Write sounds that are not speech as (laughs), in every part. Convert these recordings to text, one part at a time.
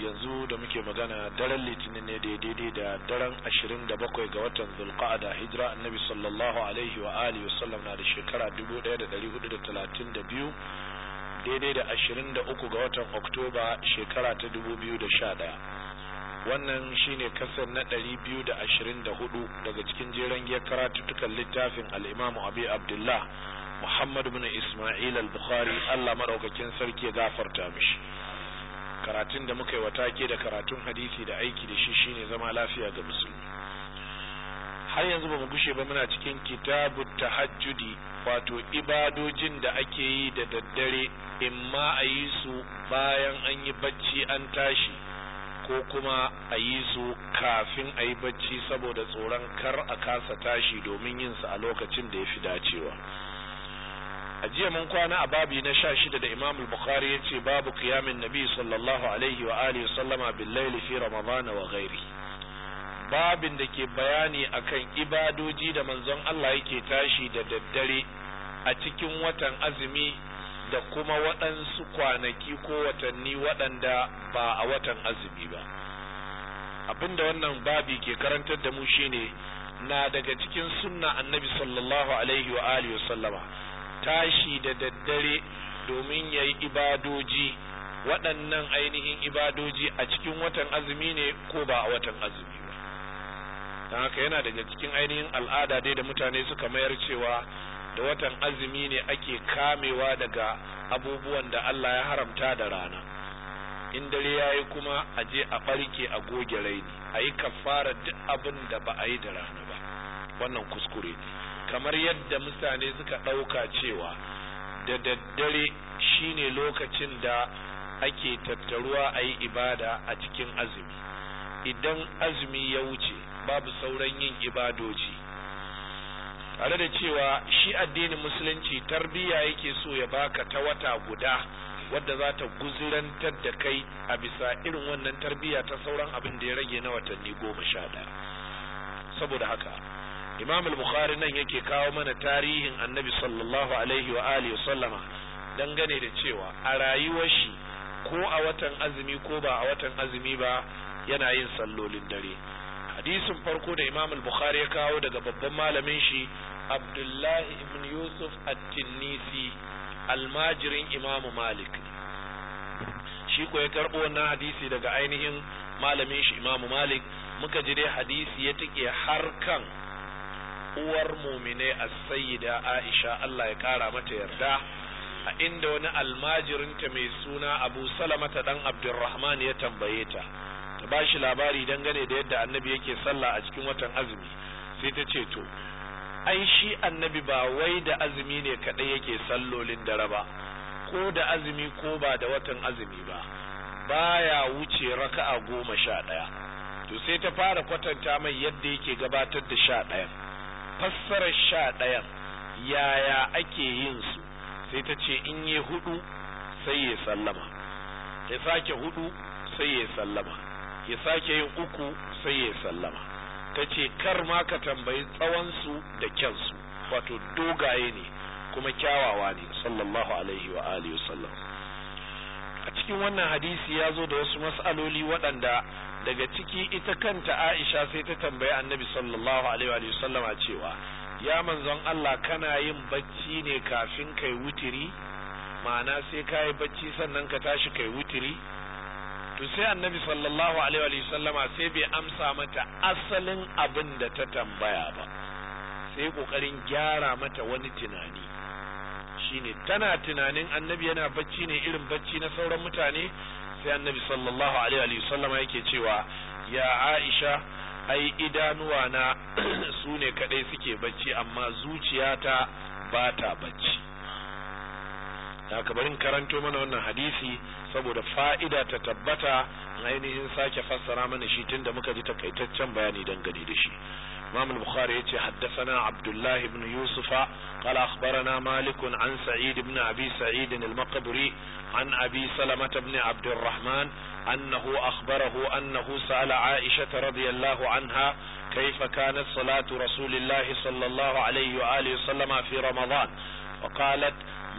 yanzu da muke magana daren litinin ne daidai da daren ashirin da bakwai ga watan zulqa'ada hijira annabi sallallahu alaihi wa alihi wasallam na da shekara dubu daya da dari hudu da talatin da biyu daidai da ashirin da uku ga watan oktoba shekara ta dubu biyu da sha daya wannan shine kasar na dari biyu da ashirin da hudu daga cikin jeren giyar tutukan littafin al'imamu abi abdullah muhammad bin isma'il al-bukhari allah maɗaukakin sarki ya gafarta mishi karatun da muka yi wa take da karatun hadisi da aiki da shi shine zama lafiya ga musulmi har yanzu ba mu gushe ba muna cikin kitabu tahajjudi wato ibadojin da ake yi da daddare imma a yi su bayan an yi bacci an tashi ko kuma a yi su kafin a yi bacci saboda tsoron kar a kasa tashi domin yin su a lokacin da ya fi dacewa a jiya mun kwana a babi na sha shida da imamul bukhari ya ce babu kiyamin nabi sallallahu alaihi wa alihi sallama billaili fi ramadana wa ghairi babin da ke bayani akan ibadoji da manzon Allah yake tashi da daddare a cikin watan azumi da kuma waɗansu kwanaki ko watanni waɗanda ba a watan azumi ba abinda wannan babi ke karantar da mu shine na daga cikin sunna annabi sallallahu alaihi wa alihi sallama tashi da daddare domin ya yi ibadoji waɗannan ainihin ibadoji a cikin watan azumi ne ko ba a watan azumi ba don haka yana daga cikin ainihin al'ada dai da mutane suka mayar cewa da watan azumi ne ake kamewa daga abubuwan da Allah ya haramta da rana in dare ya yi kuma a je a ɓarke a goge raini a yi kafara duk abin da ba a yi da rana ba wannan kuskure ne kamar yadda mutane suka ɗauka cewa da daddare shine lokacin da ake tattaruwa a yi ibada a cikin azumi idan azumi ya wuce babu sauran yin ibadoji tare da cewa shi addinin musulunci tarbiyya yake so ya baka ta wata guda wadda za ta guzurantar da kai a bisa irin wannan tarbiyya ta sauran abin da ya rage na watanni goma sha ɗaya saboda haka imam al-bukhari nan yake kawo mana tarihin annabi sallallahu alaihi wa alihi sallama dangane da cewa a rayuwar shi ko a watan azumi ko ba a watan azumi ba yana yin sallolin dare hadisin farko da imam al-bukhari ya kawo daga babban malamin shi abdullahi ibn yusuf at-tinnisi almajirin imam malik shi ko ya karbo wannan hadisi daga ainihin malamin shi imam malik muka ji dai hadisi ya tike har kan uwar mumine a sayyida aisha Allah ya kara mata yarda a inda wani almajirinta mai suna abu salamata dan abdurrahman ya tambaye ta ta ba shi labari dangane da yadda annabi yake sallah a cikin watan azumi sai ta ce to ai shi annabi ba wai da azumi ne kaɗai yake sallolin dare ba ko da azumi ko ba da watan azumi ba baya wuce raka'a goma sha ɗaya to sai ta fara kwatanta mai yadda yake gabatar da sha ɗaya fassarar sha ɗayan yaya ake yin su sai ta ce in yi hudu sai ya sallama ya sake hudu sai ya sallama ya sake yin uku sai ya sallama ta ce kar ma ka tambayi tsawonsu da kyansu wato dogaye ne kuma kyawawa ne sallallahu alaihi wa alihi wasallam a cikin wannan hadisi ya zo da wasu mas'aloli waɗanda daga ciki ita kanta Aisha sai ta tambayi Annabi sallallahu alaihi wa sallama cewa ya manzon Allah kana yin bacci ne kafin kai wutiri ma'ana sai ka yi bacci sannan ka tashi kai wutiri to sai Annabi sallallahu alaihi wa sallama sai bai amsa mata asalin abin da ta tambaya ba sai kokarin gyara mata wani tunani shine tana tunanin annabi yana bacci ne irin bacci na sauran mutane sai annabi sallallahu alaihi wa sallama yake cewa ya Aisha ai idanuwa na (clears throat) su ne kadai suke bacci amma zuciyata ba ta bacci haka barin karanto mana wannan hadisi saboda fa'ida ta tabbata ainihin sake fassara mana shi tun da muka ji takaitaccen bayani dangane da shi imam ya ce haddasa na abdullah ibn yusufa qala akhbarana malik an sa'id ibn abi sa'id al-maqburi an abi salamah ibn abd الرحمن أنه أخبره أنه سأل radiyallahu anha الله عنها salatu كانت صلاة رسول الله صلى الله عليه وآله وسلم في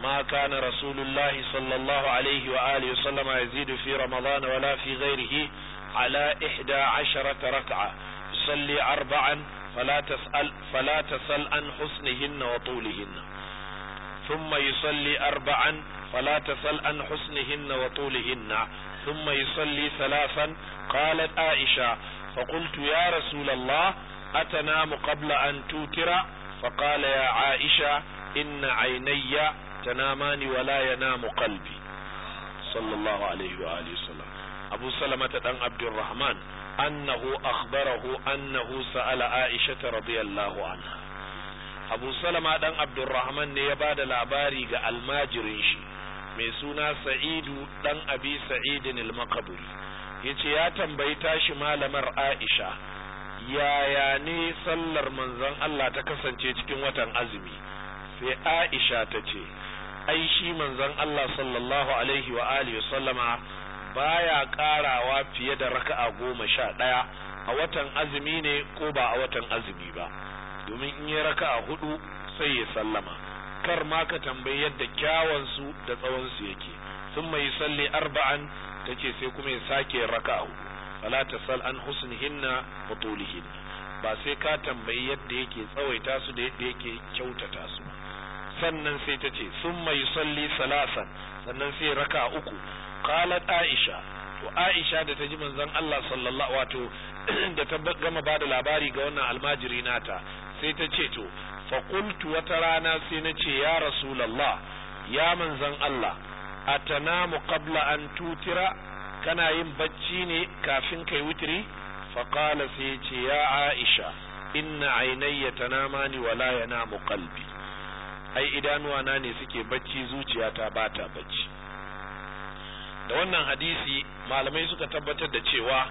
ما كان رسول الله صلى الله عليه وآله وسلم يزيد في رمضان ولا في غيره على إحدى عشرة ركعة يصلي أربعا فلا تسأل, فلا تسأل عن حسنهن وطولهن ثم يصلي أربعا فلا تسأل عن حسنهن وطولهن ثم يصلي ثلاثا قالت عائشة فقلت يا رسول الله أتنام قبل أن توتر فقال يا عائشة إن عيني tanamani wala yanamu qalbi sallallahu alaihi wa alihi wasallam abu salamata dan abdurrahman annahu akhbarahu annahu sa'ala aisha radiyallahu anha abu salama dan abdurrahman ne ya ba da labari ga almajirin shi mai suna sa'idu ɗan abi sa'idin al-maqburi yace ya tambayi tashi malamar aisha yaya ne sallar manzon Allah ta kasance cikin watan azumi sai aisha ta ce ai shi manzon Allah sallallahu alaihi wa alihi sallama baya karawa fiye da raka'a goma sha ɗaya a watan azumi ne ko ba a watan azumi ba domin in yi raka'a hudu sai ya sallama kar ma ka tambayi yadda kyawun su da tsawon su yake sun mai salli arba'an tace sai kuma ya sake raka'a hudu fala sal an husnihinna wa tulihinna ba sai ka tambayi yadda yake tsawaita su da yadda yake kyautata su sannan sai ta ce mai salli salasan sannan sai raka uku qalat aisha to aisha da ta ji manzon Allah sallallahu wato (clears throat) da ta gama bada labari ga wannan almajiri nata sai ta ce to fa qultu wata rana sai na ce ya rasulullah ya manzon Allah atanamu qabla an tutira kana yin bacci ne kafin kai wutiri fa qala sai ce ya aisha inna aynayya tanamani wala la yanamu qalbi ai idanuwa na ne suke bacci zuciyata ba ta bacci da wannan hadisi malamai suka tabbatar da cewa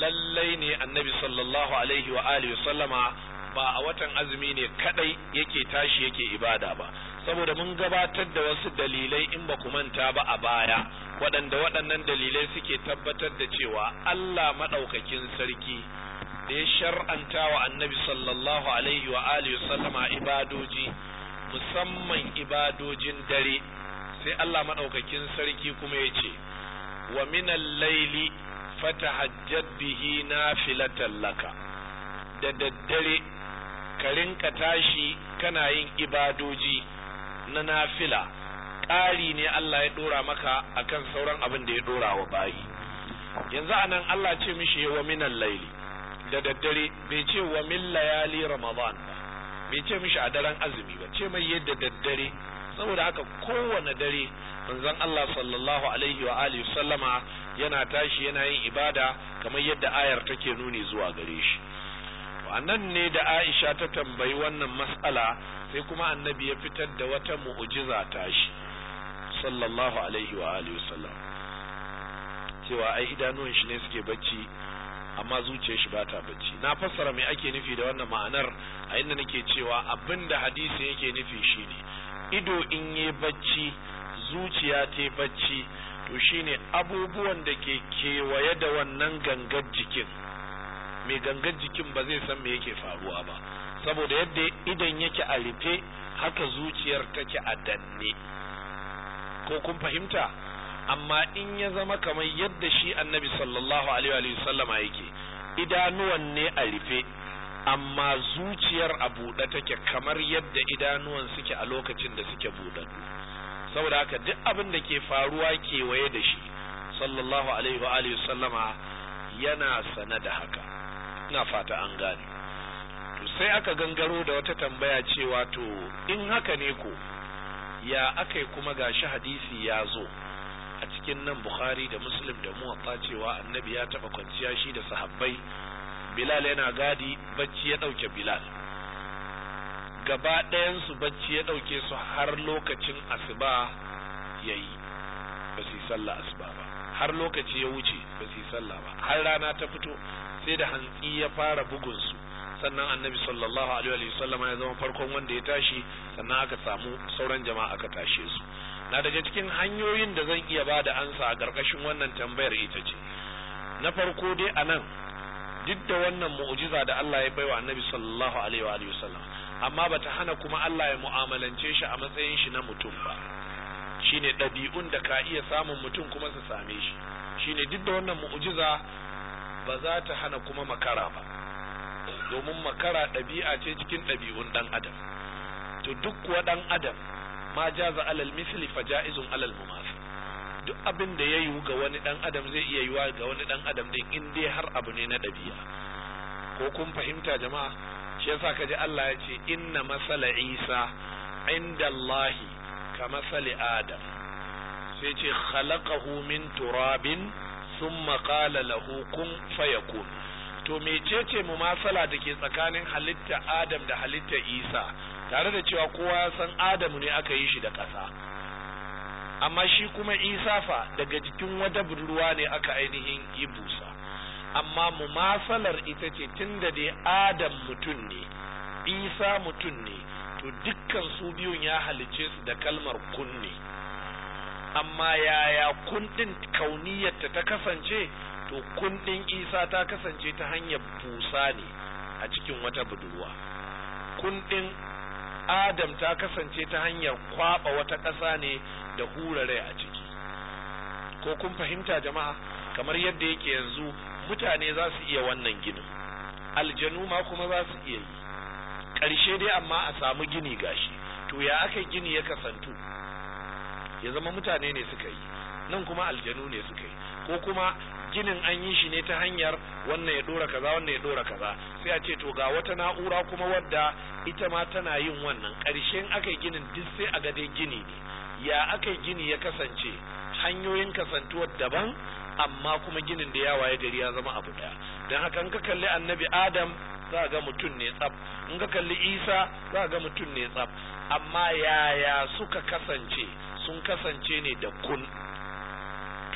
lallai ne annabi sallallahu alaihi wa alihi sallama ba a watan azumi ne kadai yake tashi yake ibada ba saboda mun gabatar da wasu dalilai in ba ku manta ba a baya waɗanda waɗannan dalilai suke tabbatar da cewa Allah maɗaukakin sarki da ya shar'anta wa annabi sallallahu alaihi wa alihi sallama ibadoji musamman ibadojin dare sai Allah maɗaukakin sarki kuma ya ce wa minan laili fatahajjad bihi nafilatan laka da daddare ka rinka tashi kana yin ibadoji na nafila ƙari ne Allah ya ɗora maka akan sauran abin da ya ɗora wa bayi yanzu anan Allah ce mishi wa minan laili da daddare bai ce wa min layali ramadan ba bai ce mishi a daren azumi ba ce mai yadda daddare saboda haka kowane dare manzon Allah sallallahu alaihi wa alihi sallama yana tashi yana yin ibada kamar yadda ayar take nuni zuwa gare shi nan ne da Aisha ta tambayi wannan matsala sai kuma annabi ya fitar da wata mu'jiza tashi sallallahu alaihi wa alihi sallam cewa ai idanuwan shi ne suke bacci amma zuciyar shi bata bacci na fassara mai ake nufi da wannan ma'anar a inda nake cewa abinda hadisi yake nufi shine ido in yi bacci zuciya ta yi bacci to shine abubuwan da ke kewaye da wannan gangar jikin mai gangar jikin ba zai san me yake faruwa ba saboda yadda idan yake a rufe haka zuciyar take a danne ko kun fahimta amma in ya zama kamar yadda shi annabi sallallahu alaihi wa sallama yake idanuwan ne a rufe amma zuciyar a buɗe take kamar yadda idanuwan suke a lokacin da suke buɗaɗɗu saboda haka duk abin da ke faruwa kewaye da shi sallallahu alaihi wa alihi sallama yana sane da haka ina fata an gane sai aka gangaro da wata tambaya cewa to in haka ne ko ya akai kuma gashi hadisi ya zo a cikin nan bukhari da muslim da muwatta cewa annabi ya taba kwanciya shi da sahabbai bilal yana gadi bacci ya dauke bilal gaba ɗayan su bacci ya dauke su har lokacin asuba yayi ba su sallah asuba ba har lokaci ya wuce ba su sallah ba har rana ta fito sai da hantsi ya fara bugun su sannan annabi sallallahu alaihi wasallam ya zama farkon wanda ya tashi sannan aka samu sauran jama'a aka tashe su na daga cikin hanyoyin da zan iya ba da ansa a ƙarƙashin wannan tambayar ita ce na farko dai a nan duk da wannan mu'ujiza da Allah ya baiwa annabi sallallahu alaihi wa sallam amma ba ta hana kuma Allah ya mu'amalance shi a matsayin shi na mutum ba shine ɗabi'un da ka iya samun mutum kuma su same shi shine duk da wannan mu'ujiza ba za ta hana kuma makara ba domin makara ɗabi'a ce cikin ɗabi'un ɗan adam to duk wa dan adam ma jaza alal misli fa jaizun alal mumathil duk abin da ya yiwu ga wani dan adam zai iya yiwa ga wani dan adam din in dai har abu ne na dabi'a ko kun fahimta jama'a shi yasa kaji Allah ya ce inna masala Isa inda Allah ka masali Adam sai ce khalaqahu min turabin thumma qala lahu kun fayakun to mecece mumasala da ke tsakanin halitta Adam da halitta Isa tare da cewa kowa ya san adamu ne aka yi shi da ƙasa amma shi kuma isa fa daga jikin wata budurwa ne aka ainihin yi busa amma mumasalar ita ce tun da dai adam mutum ne isa mutum ne to dukkan su biyun ya halice su da kalmar kunne. amma yaya kundin kauniyarta ta kasance to kundin isa ta kasance ta hanyar busa ne a cikin wata budurwa kundin adam ta kasance ta hanyar kwaba wata ƙasa ne da hura rai a ciki ko kun fahimta jama'a kamar yadda yake yanzu mutane za su iya wannan ginin aljanu ma kuma za su iya yi ƙarshe dai amma a samu gini gashi to ya aka gini ya kasantu ya zama mutane ne suka yi nan kuma aljanu ne suka yi ko kuma ginin an yi shi ne ta hanyar wannan ya dora kaza wannan ya dora kaza sai a ce to ga wata na'ura kuma wadda ita ma tana yin wannan ƙarshen aka yi ginin duk sai a gade gini ne ya aka yi gini ya kasance hanyoyin kasantuwar daban amma kuma ginin da ya waye gari ya zama abu ɗaya don haka in ka kalli annabi adam za ga mutum ne tsaf in ka kalli isa za ga mutum ne tsaf amma yaya suka kasance sun kasance ne da kun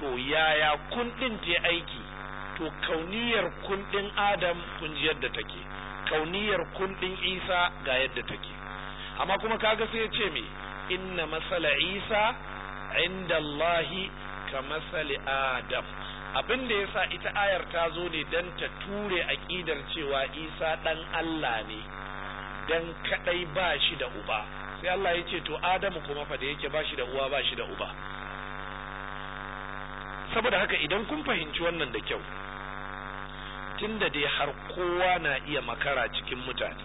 to yaya kundin yi aiki to kauniyar kundin adam kun ji yadda take kauniyar kundin isa ga yadda take amma kuma kaga sai ya ce me inna masala isa inda allahi ka masali adam abin da yasa ita ayar ta zo ne don ta ture aƙidar cewa isa ɗan allah ne don kaɗai ba shi da uba sai allah ya ce to adamu kuma fa da yake ba shi da uwa ba shi da uba saboda haka idan kun fahimci wannan da kyau tunda dai har kowa na iya makara cikin mutane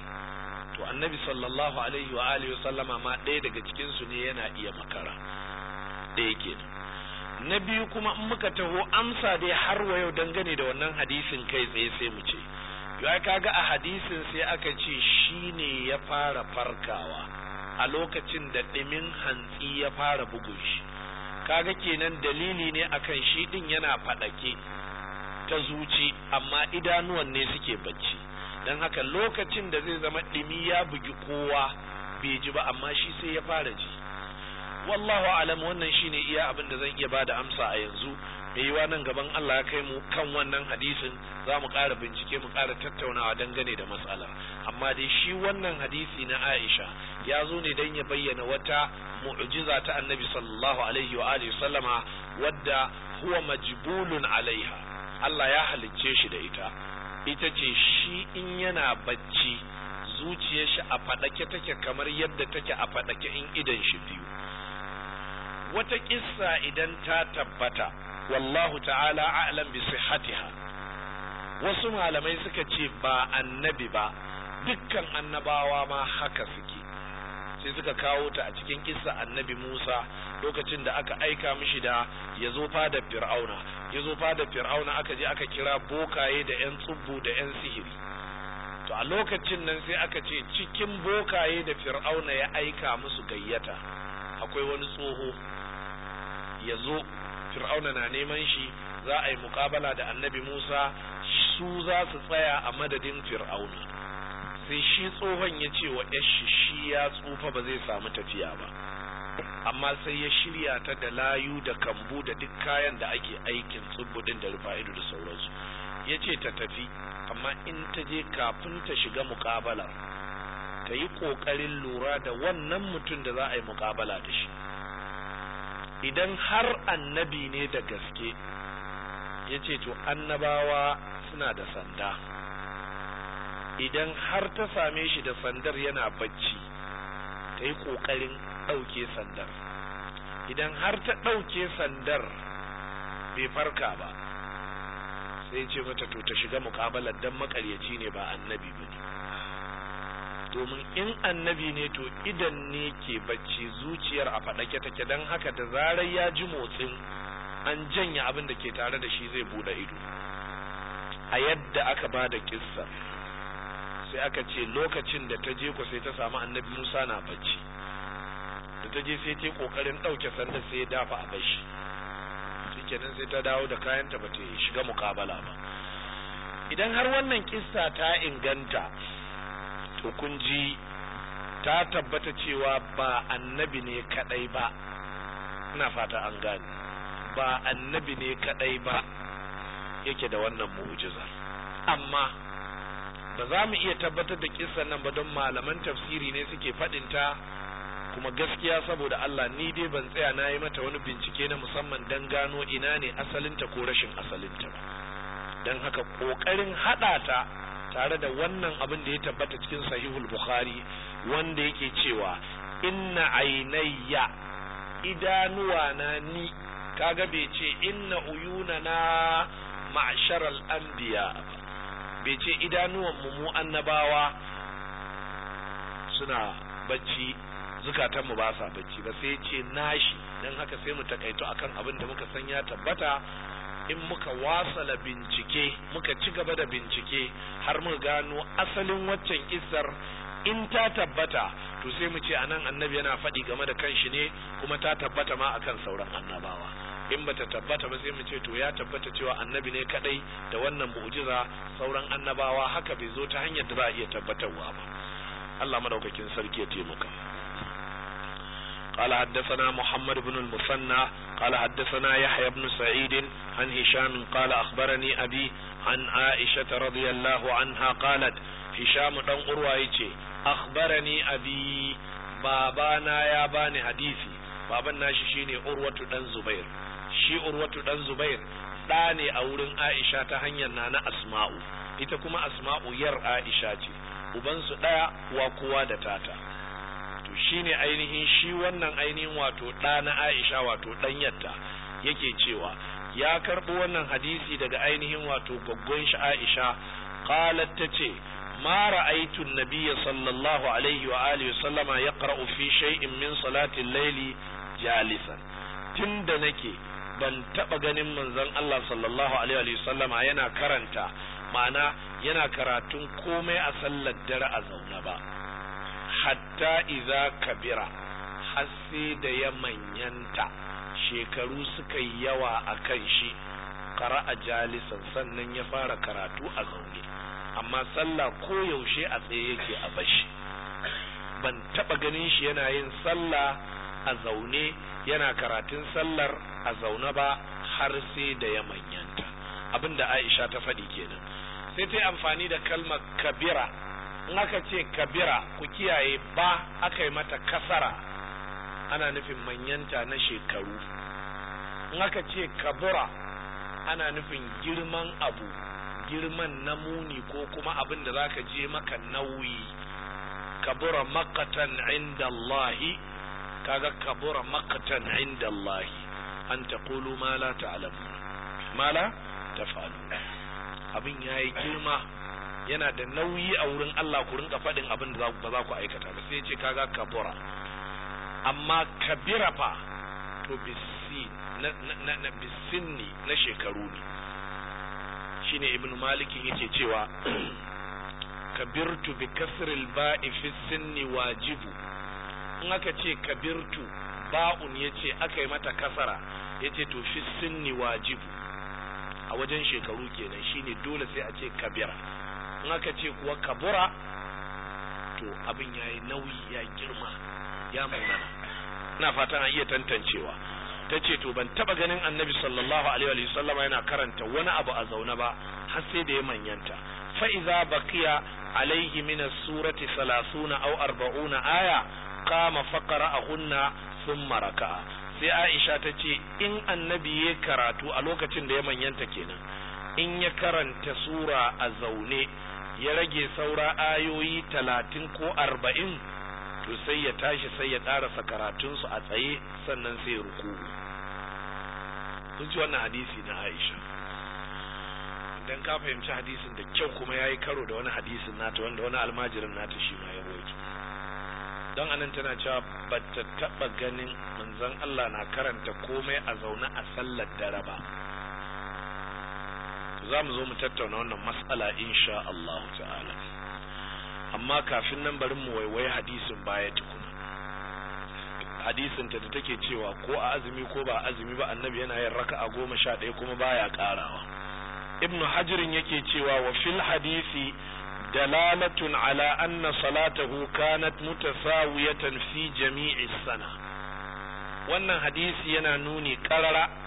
to annabi sallallahu alaihi wa alihi wa sallama ma ɗaya daga cikin su ne yana iya makara ɗaya kenan na biyu kuma in muka taho amsa dai har wa yau dangane da wannan hadisin kai tsaye sai mu ce ya kaga a hadisin sai aka ce shine ya fara farkawa a lokacin da ɗimin hantsi ya fara bugun shi kaga kenan dalili ne akan shi din yana fadake ta zuci amma idanuwan ne suke bacci don haka lokacin da zai zama ɗimi ya bugi kowa bai ji ba amma shi sai ya fara ji wallahu alam wannan shine iya abin da zan iya bada amsa a yanzu mai yiwa nan gaban Allah ya kai mu kan wannan hadisin za mu ƙara bincike mu ƙara tattaunawa dangane da matsala amma dai shi wannan hadisi na Aisha ya zo ne don ya bayyana wata mu'jiza ta Annabi sallallahu alaihi wa alihi sallama wadda huwa majbulun alaiha Allah ya halicce shi da ita ita ce shi in yana bacci zuciyar shi a faɗake take kamar yadda take a faɗake in idan shi biyu wata kissa idan ta tabbata wallahu ta'ala a'lam bi sihhatiha wasu malamai suka ce ba annabi ba dukkan annabawa ma haka suke sai suka kawo ta a cikin kissa annabi Musa lokacin da aka aika mishi da ya fada fir'auna yazo fada fir'auna aka je aka kira bokaye da yan tsubbu da yan sihiri to a lokacin nan sai aka ce cikin bokaye da fir'auna ya aika musu gayyata akwai wani tsoho ya zo fir'auna na neman shi za a yi mukabala da annabi musa su za su tsaya a madadin fir'auna sai shi tsohon ya ce wa yashi shi ya tsufa ba zai samu tafiya ba amma sai ya shirya ta da layu da kambu da duk kayan da ake aikin tsubudin da rufa'idu da sauransu ya ce ta tafi amma in ta je kafin ta shiga mukabalar ka yi ƙoƙarin lura da wannan mutum da za a yi muƙabala da shi idan har annabi ne da gaske ya ce to annabawa suna da sanda idan har ta same shi da sandar yana bacci ta yi ƙoƙarin ɗauke sandar idan har ta ɗauke sandar bai farka ba sai ce mata to ta shiga muƙabalar don maƙaryaci ne ba annabi ba domin in annabi ne to idan ne ke bacci zuciyar a faɗake take don haka da zarar ya ji motsin an janya abin da ke tare da shi zai buɗe ido a yadda aka ba da kissa sai aka ce lokacin da ta je ku sai ta samu annabi musa na bacci da ta je sai ta yi ƙoƙarin ɗauke sanda sai ya dafa a bashi shikenan sai ta dawo da kayanta ba ta shiga muƙabala ba idan har wannan kissa ta inganta to kun ji ta tabbata cewa ba annabi ne kadai ba ina fata an gane ba annabi ne kadai ba yake da wannan mu'jizar amma ba za mu iya tabbatar da kissan nan ba don malaman tafsiri ne suke faɗin ta kuma gaskiya saboda Allah ni dai ban tsaya na yi mata wani bincike na musamman don gano ina ne asalinta ko rashin asalinta ba don haka ƙoƙarin haɗa ta tare da wannan abin da ya tabbata cikin sahihul bukhari wanda yake cewa inna ainayya idanuwa na ni kaga bai ce inna uyuna na ma'sharal anbiya bai ce idanuwan mu annabawa suna bacci zukatan mu ba sa bacci ba sai ce nashi don haka sai mu takaito akan abin da muka san ya tabbata in muka wasala bincike muka ci gaba da bincike har muka gano asalin waccan isar in ta tabbata to sai mu ce anan annabi yana faɗi game da kanshi ne kuma ta tabbata ma akan sauran annabawa in bata tabbata ba sai mu ce to ya tabbata cewa annabi ne kadai da wannan mu'jiza sauran annabawa haka bai zo ta hanyar da za a iya tabbatarwa ba Allah madaukakin sarki ya taimaka قال حدثنا محمد بن المثنى قال حدثنا يحيى بن سعيد عن هشام قال أخبرني أبي عن عائشة رضي الله عنها قالت هشام دان أروى أخبرني أبي babana ya bani hadisi baban nashi shine urwatu dan zubair shi urwatu dan zubair ɗane a wurin aisha ta hanyar nana asma'u ita kuma asma'u yar aisha ce ubansu ɗaya wa kowa da tata shi shine ainihin shi wannan ainihin wato ɗa na Aisha wato ɗanyarta yake cewa ya karɓi wannan hadisi daga ainihin wato gaggon shi Aisha qalat tace ma ra'aytu an-nabiyya sallallahu alaihi wa alihi sallama yaqra'u fi shay'in min salati al-layli jalisan tunda nake ban taɓa ganin manzon Allah sallallahu alaihi wa sallama yana karanta ma'ana yana karatun komai a sallar dare a zauna ba hatta iza kabira har sai da ya manyanta shekaru suka yi yawa a kan shi kara a jalisan sannan ya fara karatu a zaune amma sallah ko yaushe a tsaye yake a bashi ban taba ganin shi yana yin sallah a zaune yana karatun sallar a zaune ba har sai da ya manyanta abinda aisha ta faɗi kenan sai ta yi amfani da kalmar kabira in aka ce kabira ku kiyaye ba aka yi mata kasara ana nufin manyanta na shekaru in aka ce kabura ana nufin girman abu girman na muni ko kuma abin da za ka je maka nauyi kabura makatan inda Allahi kaga kabura makatan inda Allahi an kulu mala ta alamu mala ta taf'alu abin ya yi girma yana da nauyi a wurin Allah ku rinka faɗin abin da ba za ku aikata ba sai ce kaga kabura amma kabira fa to bisi na na bisinni na shekaru ne shine ibnu maliki yake cewa (clears throat) kabirtu bi kasril ba'i fi sinni wajibu in aka ce kabirtu ba'un yace aka mata kasara yace to fi sinni wajibu a wajen shekaru kenan shine dole sai a ce kabira in aka ce kuwa kabura to abin ya yi nauyi ya girma ya munana ina fatan an iya tantancewa ta ce to ban taba ganin annabi sallallahu alaihi wa sallama yana karanta wani abu a zaune ba har sai da ya manyanta fa iza baqiya alaihi min as-surati 30 aw 40 aya qama sun thumma raka'a sai Aisha ta ce in annabi ya karatu a lokacin da ya manyanta kenan in ya karanta sura a zaune ya rage saura ayoyi talatin ko arba'in to sai ya tashi sai ya ƙarasa karatunsu a tsaye sannan sai ruku kun ji wannan hadisi na aisha idan ka fahimci hadisin da kyau kuma ya yi karo da wani hadisin nata wanda wani almajirin nata shi ma ya rawaito don anan tana cewa ba ta taɓa ganin manzon Allah na karanta komai a zaune a sallar dare ba za mu zo mu tattauna wannan mas'ala, insha Allah ta'ala amma kafin nan barin mu waiwaye hadisin baya tukuna hadisin ta da take cewa ko a azumi ko ba azumi ba annabi yana yin raka'a goma sha ɗaya kuma baya ƙarawa Ibn hajirin yake cewa wa fil hadisi dalalatun na anna صلاته kanat mutasawiyatan fi jami'is sana. wannan hadisi yana nuni karara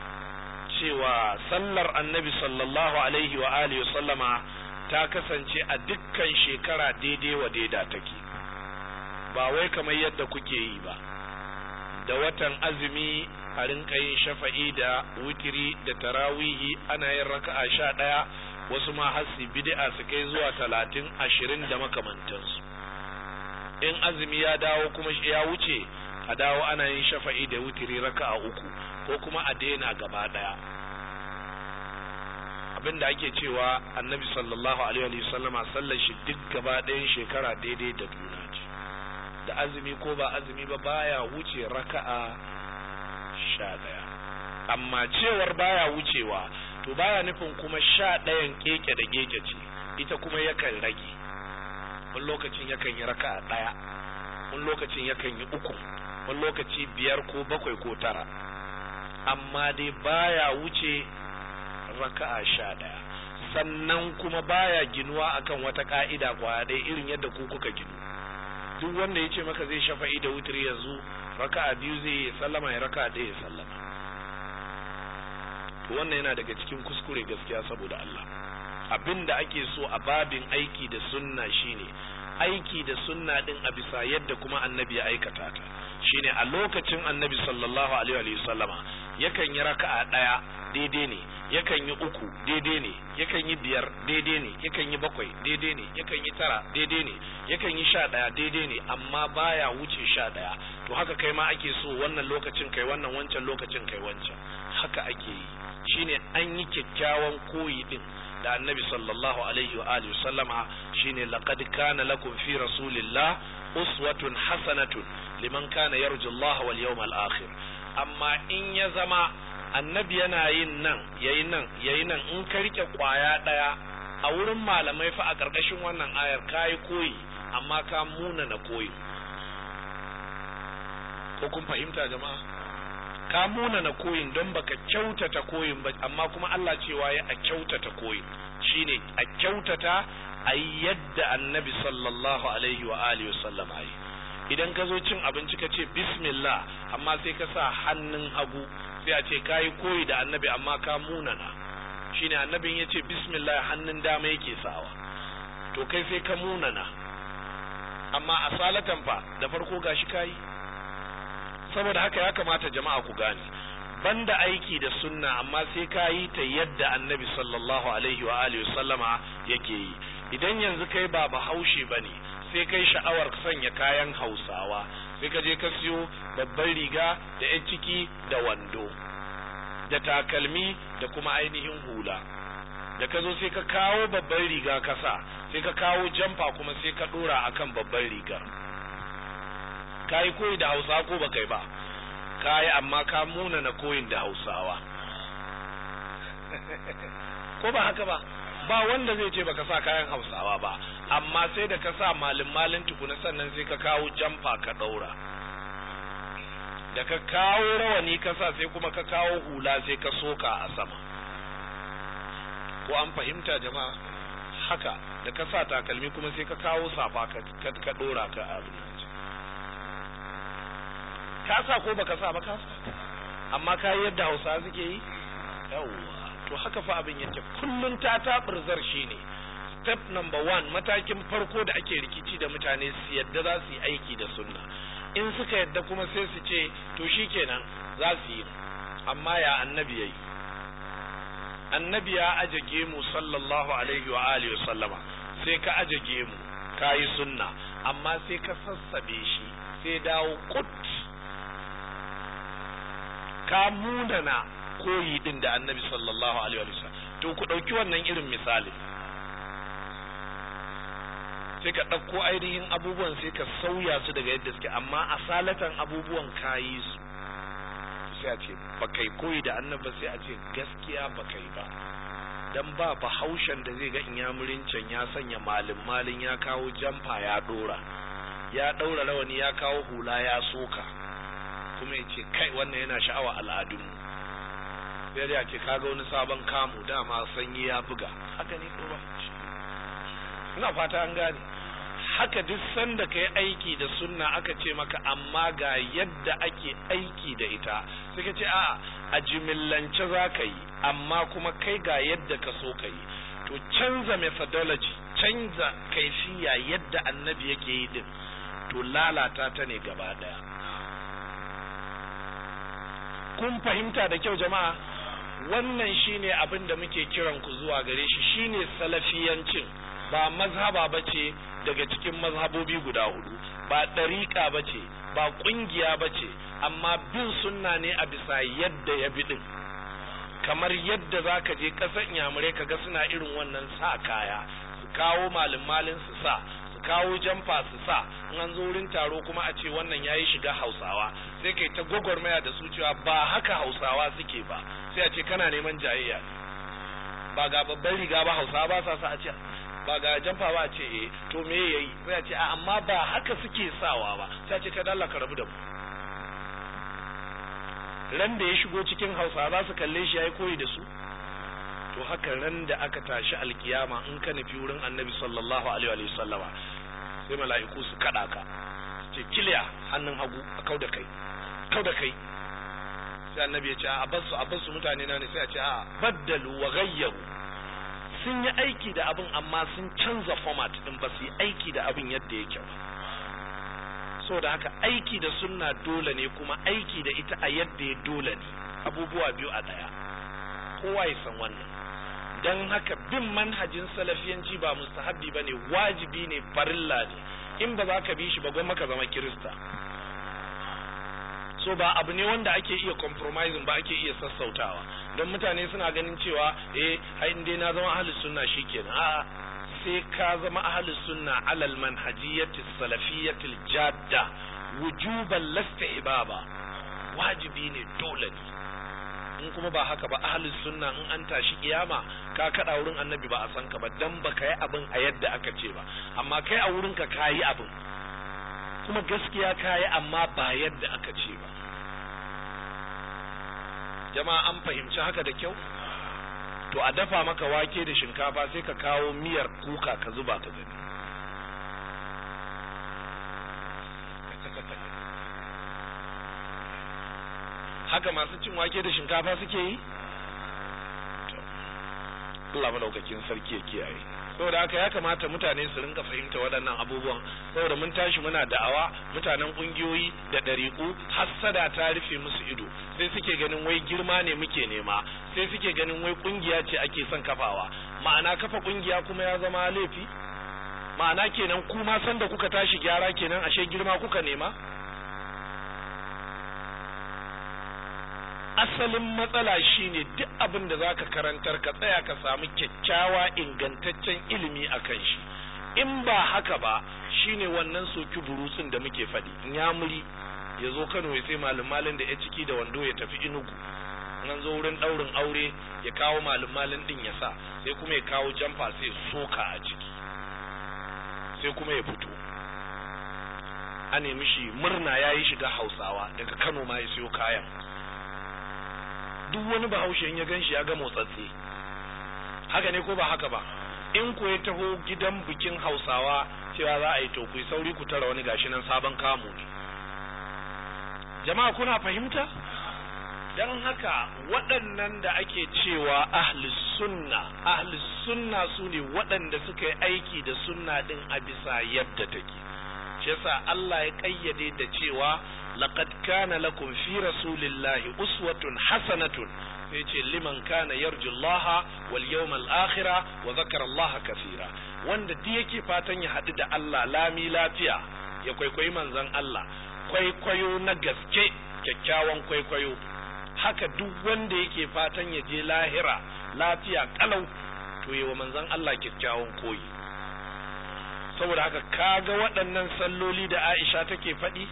cewa sallar annabi sallallahu alaihi wa alihi sallama ta kasance a dukkan shekara daidai wa daida take ba wai kamar yadda kuke yi ba da watan azumi a rinka yin shafa'i da wutiri da tarawihi ana yin raka'a sha ɗaya wasu ma su bid'a su kai zuwa talatin ashirin da makamantansu in azumi ya dawo kuma ya wuce a dawo ana yin shafa'i da wutiri raka'a uku ko kuma a daina gaba daya abin da ake cewa annabi sallallahu alaihi wasallama sallar shi duk gaba ɗayan shekara daidai da juna ce da azumi ko ba azumi ba baya wuce raka'a sha ɗaya amma cewar baya wucewa to baya nufin kuma sha ɗayan keke da keke ce ita kuma yakan rage wani lokacin yakan yi raka'a ɗaya wani lokacin yakan yi uku wani lokaci biyar ko bakwai ko tara amma dai baya wuce raka'a sha ɗaya sannan kuma baya ginuwa akan wata ka'ida kwaya ɗaya irin yadda ku kuka ginu duk wanda ya ce maka zai shafa'i da wutiri yanzu raka'a biyu zai yi sallama ya raka'a ɗaya ya sallama to wannan yana daga cikin kuskure gaskiya saboda Allah abin da ake so a babin aiki da sunna shine aiki da sunna din a bisa yadda kuma annabi ya aikata ta shine a lokacin annabi sallallahu alaihi wa sallama yakan yi raka'a daya daidai ne yakan yi uku daidai ne yakan yi biyar daidai ne yakan yi bakwai daidai ne yakan yi tara daidai ne yakan yi sha daya daidai ne amma baya wuce sha daya to haka kai ma ake so wannan lokacin kai wannan wancan lokacin kai wancan haka ake yi shine an yi kyakkyawan koyi din da annabi sallallahu alaihi wa alihi sallama shine laqad kana lakum fi rasulillah uswatun hasanatun liman kana yarju Allah wal yawmal akhir amma in ya zama annabi yana yin nan yayi nan yayi nan in ka rike kwaya daya a wurin malamai fa a karkashin wannan ayar kai koyi amma ka muna na koyi ko kun fahimta jama'a ka muna na koyin don baka kyautata koyin ba amma kuma Allah cewa ya a kyautata koyin shine a kyautata yi yadda annabi sallallahu alaihi wa alihi wasallam yi, idan ka zo cin abinci ka ce bismillah amma sai ka sa hannun hagu sai a ce kayi koyi da annabi amma ka munana shine annabin ya ce bismillah hannun dama yake sawa to kai sai ka munana amma a salatan fa da farko gashi kayi saboda haka ya kamata jama'a ku gane banda aiki da sunna amma sai ka yi ta yadda annabi sallallahu alaihi wa alihi sallama yake yi idan yanzu kai ba bahaushe ba ne sai kai sha'awar sanya kayan hausawa sai ka je ka siyo babban riga da yan ciki da wando da takalmi da kuma ainihin hula da ka zo sai ka kawo babban riga ka sai ka kawo jamfa kuma sai ka dora akan babban rigar ka yi koyi da hausawa ko ba kai ba ka yi amma ka muna na koyin da hausawa (laughs) ko ba haka ba ba wanda zai ce baka sa kayan hausawa ba amma sai da ka sa malin malin tukuna sannan sai ka kawo jamfa ka ɗaura da ka kawo rawani ka sa sai kuma ka kawo hula sai ka soka a sama ko an fahimta jama'a haka da ka sa takalmi kuma sai ka kawo safa ka ɗora ka a ka sa ko baka sa ba ka sa amma ka yadda hausa suke yi yawwa to haka fa abin yake kullun ta taɓurzar shi ne step number one matakin farko da ake rikici da mutane su yadda za su yi aiki da sunna in suka yadda kuma sai su ce to shi kenan za su yi amma ya annabi ya yi annabi ya aje gemu sallallahu alaihi wa alihi wa sallama sai ka ajage gemu ka yi sunna amma sai ka sassabe shi sai dawo kut ka munana koyi din da annabi sallallahu alaihi wasallam to ku ɗauki wannan irin misali sai ka ɗauko ainihin abubuwan sai ka sauya su daga yadda suke amma asalatan abubuwan kayi su sai a ce ba kai koyi da annabi sai a ce gaskiya ba kai ba dan ba bahaushen da zai ga inyamurin can ya sanya malin malin ya kawo jamfa ya dora ya daura rawani ya kawo hula ya soka kuma ya ce kai wannan yana sha'awa al'adunmu ya ce kaga wani sabon kamu dama sanyi ya buga haka ne ko ba ina fata an gane haka duk sanda ka aiki da sunna aka ce maka amma ga yadda ake aiki da ita sai ka ce a a jimillance za ka yi amma kuma kai ga yadda ka so ka yi to canza methodology canza kaifiya yadda annabi yake yi din to lalata ta ne gaba daya kun fahimta da kyau jama'a wannan shine abin da muke kiran ku zuwa gare shi shine salafiyancin ba mazhaba ce daga cikin mazhabobi guda hudu ba ɗariƙa ce ba ƙungiya ba ce amma bin sunna ne a bisa yadda ya bi din kamar yadda za ka je ƙasar yamurai ka ga suna irin wannan sa kaya su kawo malin malin su sa su kawo jamfa su sa in an wurin taro kuma a ce wannan ya yi shiga hausawa sai kai ta gwagwarmaya da su cewa ba haka hausawa suke ba sai a ce kana neman jayayya ba ga babban riga ba hausawa ba sa sa a ce ba ga jamfa ba a ce eh to me yayi sai a ce amma ba haka suke sawa ba sai a ce ta dalla ka rabu da mu ran da ya shigo cikin Hausa za su kalle shi yayi koyi da su to haka ran da aka tashi alkiyama in ka nufi wurin annabi sallallahu alaihi wa sallama sai mala'iku su kada ka ce kiliya hannun hagu a kau da kai kau da kai sai annabi ya ce a basu a su mutane na ne sai a ce a baddalu wa ghayyaru sun yi aiki da abin amma sun canza format din ba su yi aiki da abin yadda yake ba saboda haka aiki da sunna dole ne kuma aiki da ita a yadda ya dole ne abubuwa biyu a daya kowa ya san wannan dan haka bin manhajin salafiyanci ba mustahabbi bane wajibi ne farilla ne in ba za ka bi shi ba gwamma maka zama kirista so ba abu ne wanda ake iya compromising ba ake iya sassautawa don mutane suna ganin cewa eh ai dai na zama ahlus sunna shikenan a'a sai ka zama ahlus sunna alal manhajiyyati salafiyyatil jadda wujuban lasta ibaba wajibi ne dole ne in kuma ba haka ba ahlus sunna in an tashi kiyama ka kada wurin annabi ba a san ka ba dan ba yi abin a yadda aka ce ba amma kai a wurinka ka yi abin kuma gaskiya ka amma ba yadda aka ce ba jama'a an fahimci haka da kyau to a dafa maka wake da shinkafa sai ka kawo miyar kuka ka zuba ka gani haka masu cin wake da shinkafa suke yi Allah madaukakin sarki ya kiyaye saboda haka ya kamata mutane su rinka fahimta waɗannan abubuwan saboda mun tashi muna da'awa mutanen ƙungiyoyi da ɗariƙu hassada ta rufe musu ido sai suke ganin wai girma ne muke nema sai suke ganin wai ƙungiya ce ake son kafawa ma'ana kafa ƙungiya kuma ya zama laifi ma'ana kenan kuma sanda kuka tashi gyara kenan ashe girma kuka nema asalin matsala shi ne duk abin da za ka karantar ka tsaya ka samu kyakkyawa ingantaccen ilimi a kan shi in ba haka ba shi ne wannan soki burutsun da muke faɗi nyamuri ya zo Kano ya sai malum malin da ya ciki da wando ya tafi Inugu nan zo wurin ɗaurin aure ya kawo malum malin din ya sa sai kuma ya kawo jamfa sai soka a ciki sai kuma ya fito a nemi shi murna ya yi shiga hausawa daga Kano ma ya siyo kayan duk wani bahaushe in ya gan shi ya ga motsatsi haka ne ko ba haka ba in ku ya taho gidan bikin hausawa cewa za a yi to ku sauri ku tara wani gashi nan sabon kamu ne jama'a kuna fahimta don haka waɗannan da ake cewa ahlus sunna ahlus sunna su ne waɗanda suka yi aiki da sunna din a bisa yadda take shi yasa Allah ya ƙayyade da cewa laqad kana lakum fi rasulillahi uswatun hasanatun yace liman kana yarju Allah wal yawmal akhir wa zakara Allah kaseera wanda duk yake fatan ya hadu da Allah lami lafiya ya kwaikwayi manzon Allah kwaikwayo na gaske kyakkyawan kwaikwayo haka duk wanda yake fatan ya je lahira lafiya kalau to yi wa manzon Allah kyakkyawan koyi saboda haka kaga waɗannan salloli da Aisha take faɗi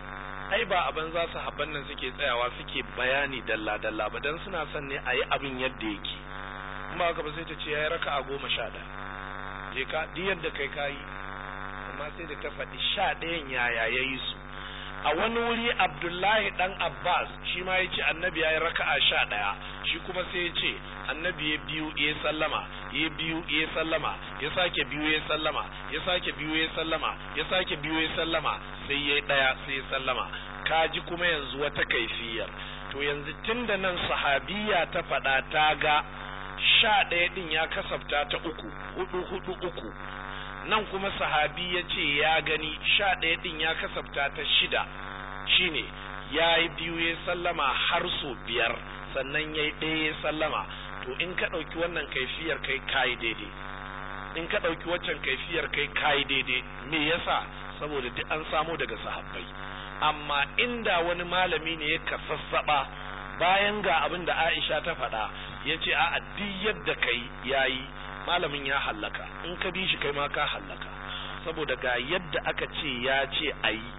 ai ba a za su haban nan suke tsayawa suke bayani dalla dalla ba dan suna son ne a yi abin yadda yake kuma haka ba sai ta ce ya raka a goma sha ɗaya je ka duk yadda kai kayi amma sai da ta faɗi sha ɗayan yaya ya yi su a wani wuri abdullahi dan abbas shi ma ya ce annabi ya yi raka'a sha ɗaya shi kuma sai ya ce annabi ya biyu ya sallama ya biyu ya sallama ya sake biyu ya sallama ya sake biyu ya sallama ya sake biyu ya sallama sai ya ɗaya sai ya sallama ka ji kuma yanzu wata kaifiyar to yanzu tun da nan sahabiya ta faɗa ta ga sha ɗaya ɗin ya kasafta ta uku hudu hudu uku nan kuma sahabi ya ce ya gani sha ɗaya ɗin ya kasafta ta shida shine ya yi biyu ya sallama har so biyar sannan ya yi ɗaya ya sallama to in ka ɗauki wannan kaifiyar kai kayi daidai in ka ɗauki waccan kaifiyar kai kayi daidai me yasa saboda duk an samo daga sahabbai amma inda wani malami ne ya kasassaɓa bayan ga abin da Aisha ta faɗa ya ce a'a duk yadda kai yayi malamin ya hallaka in ka bi shi kai ma ka hallaka saboda ga yadda aka ce ya ce a yi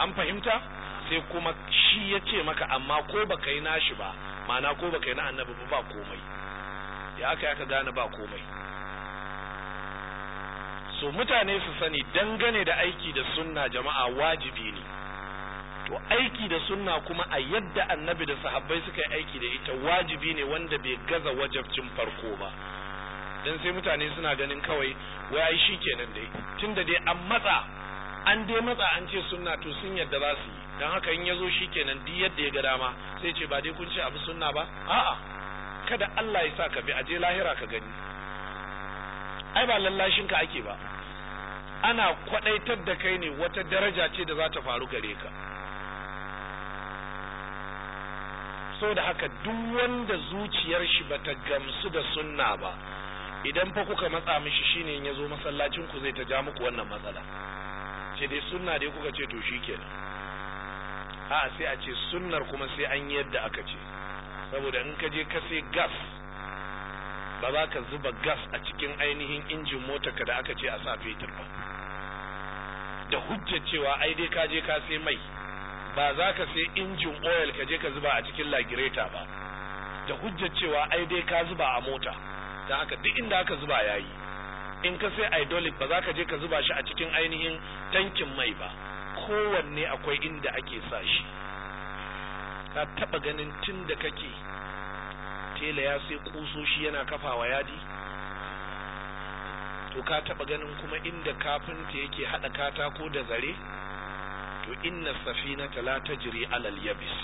an fahimta sai kuma shi ya ce maka amma ko baka yi nashi ba mana ko baka yi na annabi ba komai ya aka ka gane ba komai so mutane su sani dangane da aiki da sunna jama'a wajibi ne to aiki da sunna kuma a yadda annabi da sahabbai suka yi aiki da ita wajibi ne wanda bai gaza wajabcin farko ba dan sai mutane suna ganin kawai wai shi kenan dai tunda dai an matsa an dai matsa an ce sunna to sun yadda za su yi dan haka in yazo shi kenan duk yadda ya ga dama sai ce ba dai kun ce abu sunna ba a'a kada Allah ya sa ka bi aje lahira ka gani ai ba lallashin ka ake ba ana kwadaitar da kai ne wata daraja ce da za ta faru gare ka saboda haka duk wanda zuciyar shi bata gamsu da sunna ba idan fa kuka matsa mishi shine in yazo masallacin ku zai ta ja muku wannan matsala ce dai sunna dai kuka ce to shikenan a sai a ce sunnar kuma sai an yadda aka ce saboda in ka je ka sai gas ba za ka zuba gas a cikin ainihin injin motarka da aka ce a sa fetur ba da hujjar cewa ai dai ka je ka sai mai ba za ka sai injin oil ka je ka zuba a cikin lagireta ba da hujjar cewa ai dai ka zuba a mota da haka duk inda aka zuba yayi in ka sai idolic ba za ka je ka zuba shi a cikin ainihin tankin mai ba kowanne akwai inda ake sa shi ka taba ganin tun da kake tela ya sai kusoshi yana kafawa yadi to ka taba ganin kuma inda kafinta yake hada katako da zare to inna ta la tajri alal yabis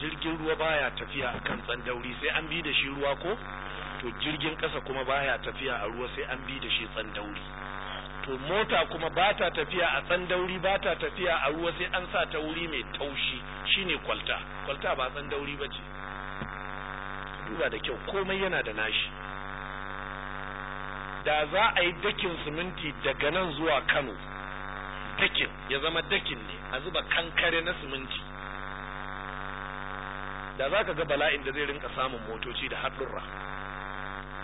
jirgin ruwa baya tafiya akan tsandauri sai an bi da shi ruwa ko to jirgin kasa kuma baya tafiya a ruwa sai an bi da shi tsandauri to mota kuma ba ta tafiya a tsandauri ba ta tafiya a ruwa sai an sa ta wuri mai taushi shine kwalta kwalta ba tsandauri ba ce duba da kyau komai yana da nashi da za a yi dakin siminti daga nan zuwa kano dakin ya zama dakin ne a zuba kankare na siminti da za ka ga bala'in da zai rinka samun motoci da haɗurra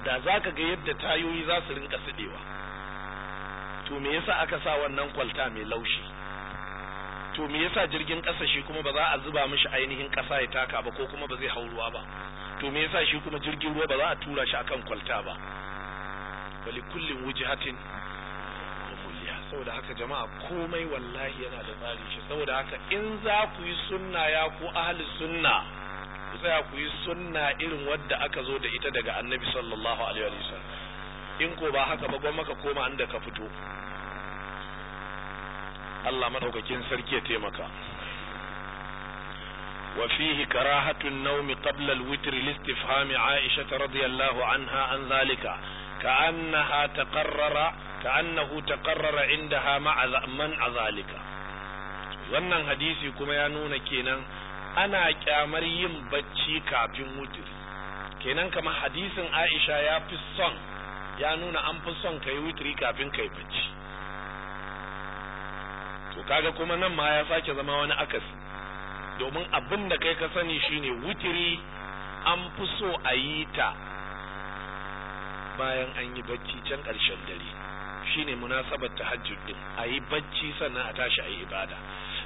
da za ka ga yadda tayoyi za su rinka siɗewa to me yasa aka sa wannan kwalta mai laushi to me yasa jirgin ƙasa shi kuma ba za a zuba mishi ainihin ƙasa ya taka ba ko kuma ba zai hau ruwa ba to me yasa shi kuma jirgin ruwa ba za a tura shi akan kwalta ba wali kullin wujhatin saboda haka jama'a komai wallahi yana da tsari shi saboda haka in za ku yi sunna ya ku ahli sunna ku tsaya ku yi sunna irin wadda aka zo da ita daga annabi sallallahu alaihi wa in ko ba haka ba gwamma ka koma inda ka fito Allah madaukakin sarki ya taimaka wa fihi karahatu an-nawmi qabla al-witr li istifhami Aisha radhiyallahu anha an zalika ka'annaha taqarrara ka'annahu taqarrara indaha ma'a man azalika. wannan hadisi kuma ya nuna kenan ana kyamar yin bacci kafin wuturi kenan kamar hadisin aisha ya fi son ya nuna an fi son ka yi wutiri kafin ka yi bacci to kaga kuma nan ma ya sake zama wani akasi domin abin da kai ka sani shine wutiri an fi so a yi ta bayan an yi bacci can ƙarshen dare shine munasabar tahajjud din a yi bacci sannan a tashi a yi ibada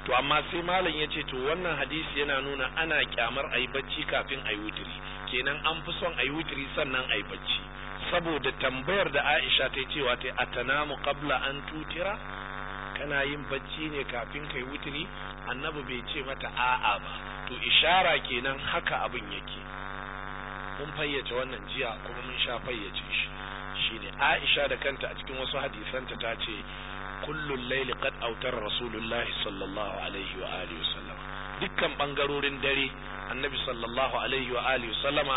to amma sai malam ya ce to wannan hadisi yana nuna ana kyamar a yi bacci kafin a yi wutiri kenan an fi son a yi wutiri sannan a yi bacci saboda tambayar da aisha ta yi cewa ta a tanamu kabla an tutira kana yin bacci ne kafin kai wutiri annabi bai ce mata a'a ba to ishara kenan haka abin yake mun fayyace wannan jiya kuma mun sha fayyace shi shine aisha da kanta a cikin wasu hadisanta ta ce Kullum laili qad autar rasulullahi sallallahu alaihi wa alihi wasallam dukkan bangarorin dare annabi sallallahu alaihi wa alihi wasallama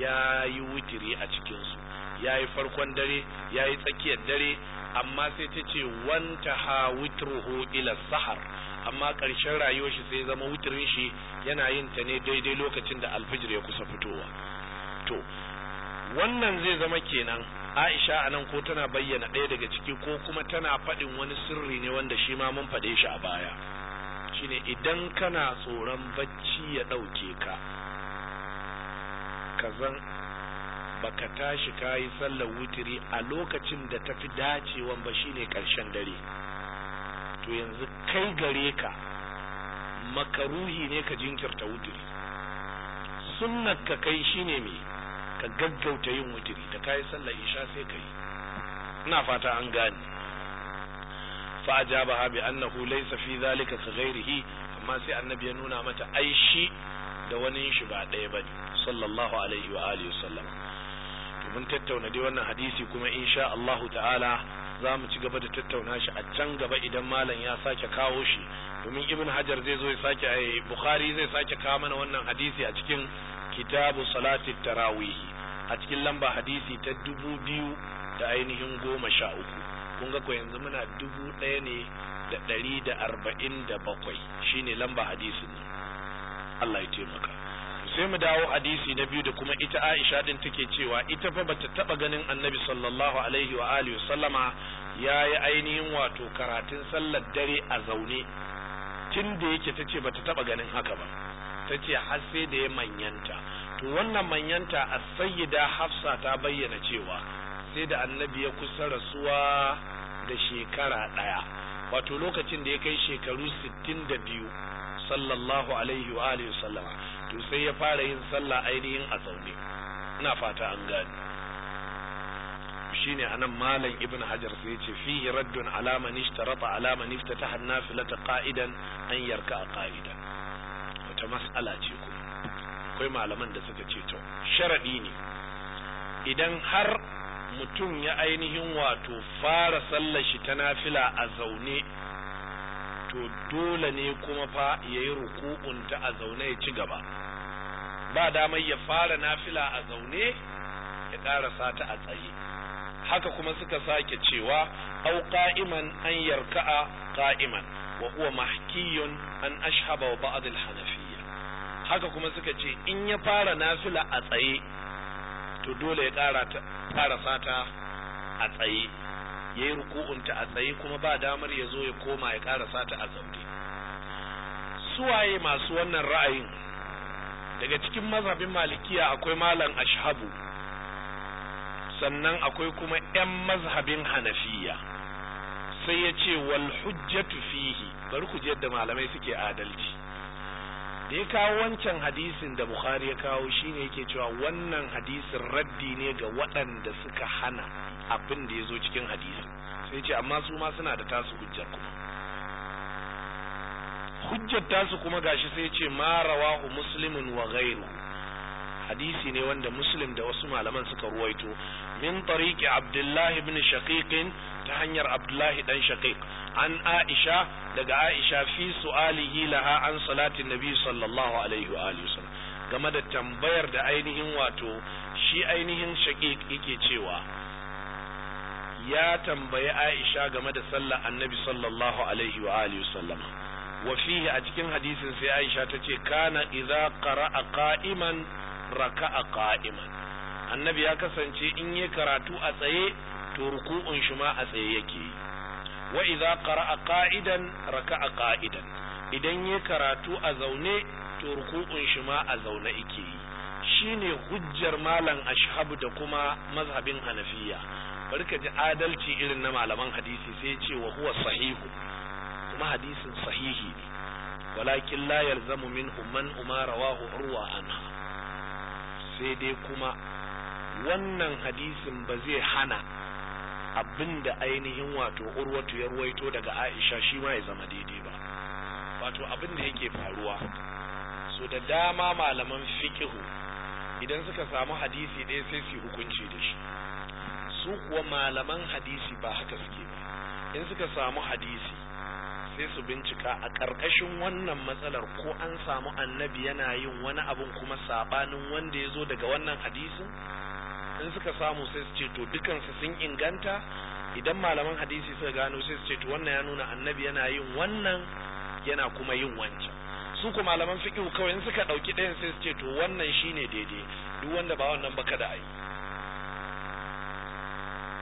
ya yi witiri a cikin su ya yi farkon dare ya yi tsakiyar dare amma sai ta ce wanta ha witruhu ila sahar amma ƙarshen rayuwar shi sai zama witirin shi yana yin ta ne daidai lokacin da alfijir ya kusa fitowa to wannan zai zama kenan aisha a nan ko tana bayyana ɗaya daga ciki ko kuma tana faɗin wani sirri ne wanda shi ma mun faɗe shi a baya shine idan kana tsoron bacci ya ɗauke ka ka ba baka tashi kayi sallar wutiri a lokacin da tafi dacewan ba shine ƙarshen dare to yanzu kai gare ka makaruhi ne ka jinkirta wutiri sunnar ka kai shine me ka gaggauta yin wutiri da kayi sallar isha sai ka yi ina fata an gane fa ajabaha bi annahu laysa fi zalika ka ghairihi amma sai annabi ya nuna mata ai shi da wani shi ba ɗaya bane sallallahu alaihi wa alihi wasallam mun tattauna dai wannan hadisi kuma insha Allahu ta'ala za mu ci gaba da tattauna shi a can gaba idan malam ya sake kawo shi domin ibn hajar zai zo ya sake ai eh, bukhari zai sake kawo mana wannan hadisi a cikin kitabu salati tarawih a cikin lamba hadisi ta dubu biyu da ainihin goma sha uku kun ga ko yanzu muna dubu ɗaya ne da ɗari da arba'in da bakwai shine lamba hadisin nan Allah ya taimaka sai mu dawo hadisi na biyu da kuma ita Aisha din take cewa ita fa bata taba ganin Annabi sallallahu alaihi wa alihi sallama yayi ainihin wato karatun sallar dare a zaune tun da yake tace bata taba ganin haka ba tace har sai da ya manyanta to wannan manyanta a sayyida Hafsa ta bayyana cewa sai da Annabi ya kusa rasuwa da shekara daya wato lokacin da ya kai shekaru 62 sallallahu alaihi wa alihi sallama to sai ya fara yin sallah ainihin a zaune ina fata an gane shine anan malam ibn hajar sai yace fihi raddun ala man ishtarata ala man iftataha an-nafilata qa'idan an yarka qa'idan wata mas'ala ce kuma akwai malaman da suka ce to sharadi ne idan har mutum ya ainihin wato fara sallar shi ta nafila a zaune to dole ne kuma fa ya yi ruku'unta a zaune ya ci gaba ba damar ya fara nafila a zaune ya ƙarasa sata a tsaye haka kuma suka sake cewa au qa'iman an yarka'a qa'iman wa huwa mahkiyun an ashhaba wa ba'd al haka kuma suka ce in ya fara nafila a tsaye to dole ya ƙara ta a tsaye ya yi ruku'unta a tsaye kuma ba damar ya zo ya koma ya karasa ta a zaune waye masu wannan ra'ayin daga cikin mazhabin malikiya akwai malam ashabu sannan akwai kuma 'yan mazhabin hanafiya sai ya ce wal hujjatu fihi bari ku yadda malamai suke adalci da ya kawo wancan hadisin da bukhari ya kawo shine yake cewa wannan hadisin raddi ne ga waɗanda suka hana abin da ya zo cikin hadisi sai ce amma su ma suna da tasu hujjar kuma hujjar tasu kuma gashi sai ce ma rawahu muslimun wa ghairu hadisi ne wanda muslim da wasu malaman suka ruwaito min tariqi abdullahi ibn shaqiq ta hanyar abdullahi dan shaqiq an aisha daga aisha fi su'alihi laha an salatin nabi sallallahu alaihi wa alihi wasallam game da tambayar da ainihin wato shi ainihin shaqiq yake cewa ya tambayi Aisha game da sallar Annabi sallallahu alaihi wa alihi sallama wa fihi a cikin hadisin sai Aisha ta ce kana idza qara'a qa'iman raka'a qa'iman Annabi ya kasance in yi karatu a tsaye to ruku'un shi ma a tsaye yake yi wa idza qara'a qa'idan raka'a qa'idan idan yi karatu a zaune to ruku'un shi ma a zaune yake yi shine hujjar malam ashhabu da kuma mazhabin hanafiya bari ka ji adalci irin na malaman hadisi sai ce wa huwa sahihu kuma hadisin sahihi ne walakin la yalzamu minhu man umara wa urwa anha sai dai kuma wannan hadisin ba zai hana abinda ainihin wato urwatu ya ruwaito daga Aisha shi ma ya zama daidai ba wato abin da yake faruwa so da dama malaman fikihu idan suka samu hadisi ɗaya sai su hukunci da shi su kuwa malaman hadisi ba haka suke ba in suka samu hadisi sai su bincika a ƙarƙashin wannan matsalar ko an samu annabi yana yin wani abun kuma saɓanin wanda ya zo daga wannan hadisin in suka samu sai su ce to dukansu sun inganta idan malaman hadisi suka gano sai su ce to wannan ya nuna annabi yana yin wannan yana kuma yin wancan su ku malaman fiqh kawai in suka ɗauki ɗayan sai su ce to wannan shine daidai duk wanda ba wannan ba kada a yi.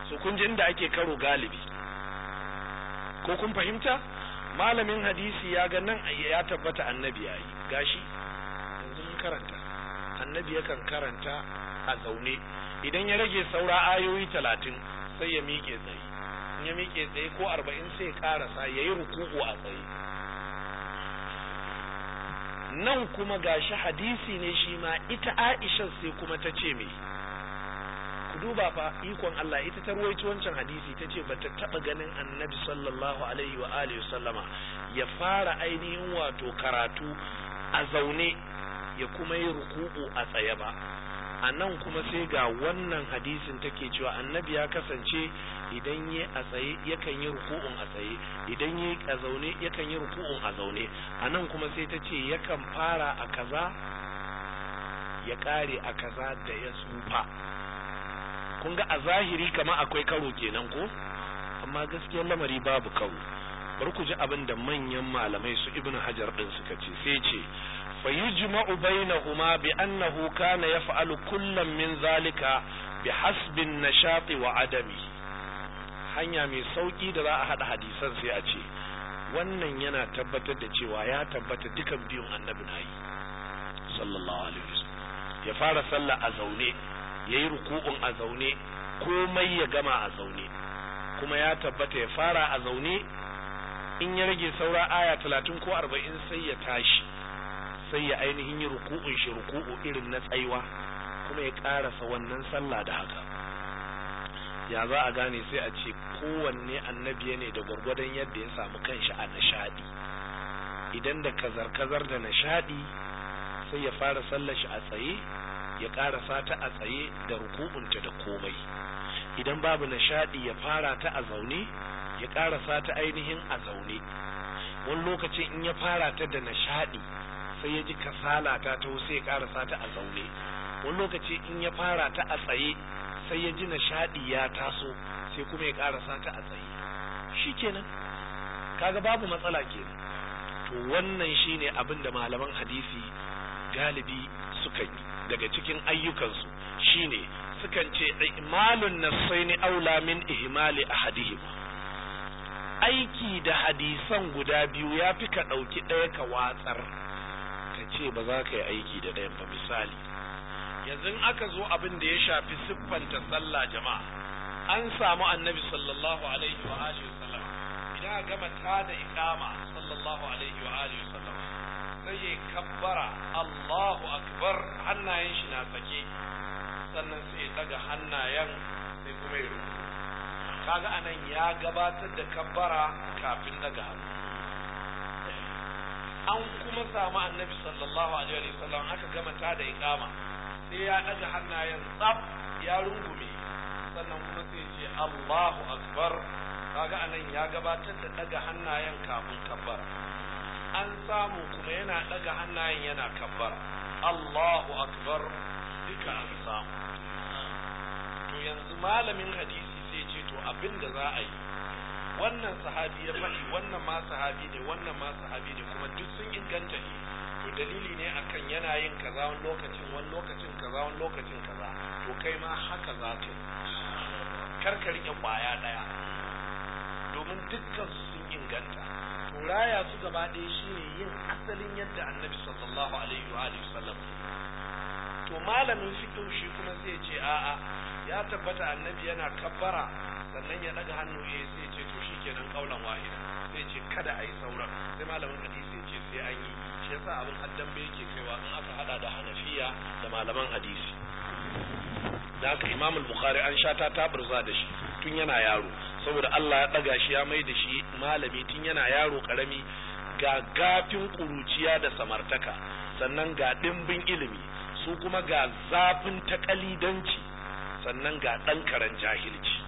su kun ji inda ake karo galibi ko kun fahimta malamin hadisi ya ga nan ya tabbata annabi ya yi gashi yanzu mun karanta annabi yakan karanta a zaune idan ya rage saura ayoyi talatin sai ya miƙe tsaye in ya miƙe tsaye ko arba'in sai ya ƙarasa ya yi ruku'u a tsaye nan kuma gashi hadisi ne shi ma ita aisha sai kuma ta ce mai duba fa ikon Allah ita ta ruwaito wancan hadisi ta ce bata taba ganin annabi sallallahu alaihi wa alihi sallama ya fara ainihin wato karatu a zaune ya kuma yi ruku'u a tsaye ba a nan kuma sai ga wannan hadisin take cewa annabi ya kasance idan yi a tsaye yakan yi ruku'un a tsaye idan yi a zaune yakan yi ruku'un a zaune a nan kuma sai ta ce yakan fara a kaza ya kare a kaza da ya tsufa kun ga a zahiri kama akwai karo kenan ko amma gaskiyar lamari babu karo bar ku ji abin da manyan malamai su ibn hajar din suka ce sai ce fa yujma'u bainahuma bi annahu kana yaf'alu kullam min zalika bi hasbin nashati wa adami hanya mai sauki da za a hada hadisan sai a ce wannan yana tabbatar da cewa ya tabbata dukan biyun annabi na yi sallallahu alaihi wasallam ya fara sallah a zaune yayi ruku'un a zaune komai ya gama a zaune kuma ya tabbata ya fara a zaune in ya rage saura aya talatin ko arba'in sai ya tashi sai ya ainihin yi ruku'un shi ruku'u irin na tsaiwa kuma ya karasa wannan sallah da haka ya za a gane sai a ce kowanne annabi ne da gwargwadon yadda ya samu kanshi a nishadi idan da kazar-kazar da nishadi sai ya fara sallar shi a tsaye ya ƙara sata a tsaye da ruku'unta da komai idan babu nishadi ya fara ta a zaune ya ƙara sata ainihin a zaune wani lokacin in ya fara ta da nishadi sai ya ji kasala ta ta sai ya ƙara ta a zaune wani lokaci in ya fara ta a tsaye sai ya ji nishadi ya taso sai kuma ya ƙara sata a tsaye shikenan kaga babu matsala kenan to wannan shine abin da malaman hadisi galibi suka yi daga cikin ayyukansu shine sukan ce imalun nasaini aula min ihmali ahadihim aiki da hadisan guda biyu ya fi ka ɗauki ɗaya ka watsar ka ce ba za ka yi aiki da ɗayan ba misali yanzu aka zo abin da ya shafi siffanta sallah jama'a an samu annabi sallallahu alaihi wa alihi sallam idan gama da iqama sallallahu alaihi wa alihi sallam sai ya kabbara Allahu akbar hannayen shi na tsake sannan sai ya daga hannayen sai kuma ya rubu kaga anan ya gabatar da kabbara kafin daga hannu an kuma samu annabi sallallahu alaihi wasallam aka gama ta da iqama sai ya daga hannayen tsaf ya rungume sannan kuma sai ce Allahu akbar kaga anan ya gabatar da daga hannayen kafin kabbara an samu kuma yana daga hannayen yana kabbar Allahu akbar duka an samu to yanzu malamin hadisi sai ce to abin da za a yi wannan sahabi ya fahi wannan ma sahabi ne wannan ma sahabi ne kuma duk sun inganta ne to dalili ne akan yana yin kaza wani lokacin wani lokacin kaza wani lokacin kaza to kai ma haka za ka karkar rike kwaya daya domin dukkan sun inganta raya su gaba ɗaya shine yin asalin yadda annabi sallallahu alaihi wa alihi sallam to malamin fito shi kuma zai ce a'a ya tabbata annabi yana kabbara sannan ya daga hannu eh sai ce to shikenan kaulan wahida sai ce kada ai sauran sai malamin hadisi ya ce sai an yi shi yasa abin haddan bai yake kaiwa in aka hada da hanafiya da malaman hadisi da haka imam bukhari an sha ta taburza da shi tun yana yaro saboda Allah ya ɗaga shi ya mai da shi malami tun yana yaro ƙarami ga gafin ƙuruciya da samartaka sannan ga ɗimbin ilimi su kuma ga zafin taƙalidanci sannan ga ɗan karen jahilci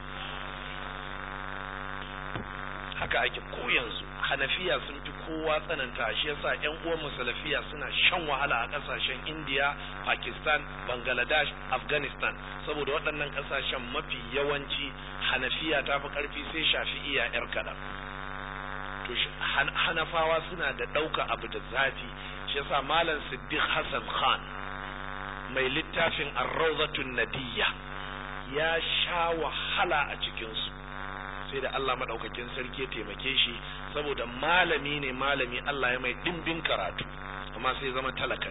haka ake ko yanzu hanafiya sun fi kowa tsananta shi yasa yan uwan musulafiya suna shan wahala a kasashen India Pakistan Bangladesh Afghanistan saboda waɗannan kasashen mafi yawanci hanafiya ta fi ƙarfi sai shafi'iya yar kaɗan to hanafawa suna da ɗauka abu da zafi shi yasa malam Siddiq Hassan Khan mai littafin Ar-Rawdatun Nadiyya ya sha wahala a cikin su sai da Allah madaukakin sarki ya taimake shi saboda malami ne malami Allah ya mai dimbin karatu amma sai zama talaka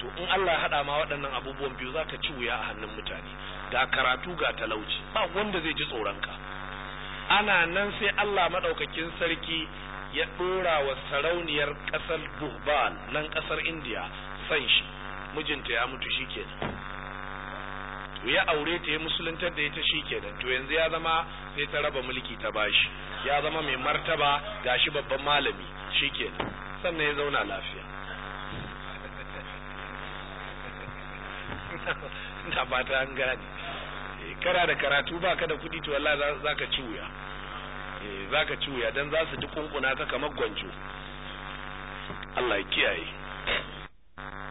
to in Allah ya hada ma waɗannan abubuwan biyu zaka ci wuya a hannun mutane ga karatu ga talauci ba wanda zai ji tsoron ka ana nan sai Allah madaukakin sarki ya dora wa sarauniyar ƙasar Buhbal nan ƙasar India san shi mijinta ya mutu shikenan ya aure ta ya musuluntar da ita shi kenan to yanzu ya zama sai ta raba mulki ta bashi ya zama mai martaba gashi babban malami shi sannan ya zauna lafiya (laughs) na fata an gane eh, kara da karatu ba ka da kudi to Allah za ka ci wuya eh, za ka ci wuya don za su duk kunkuna ka kamar gwanjo Allah ya kiyaye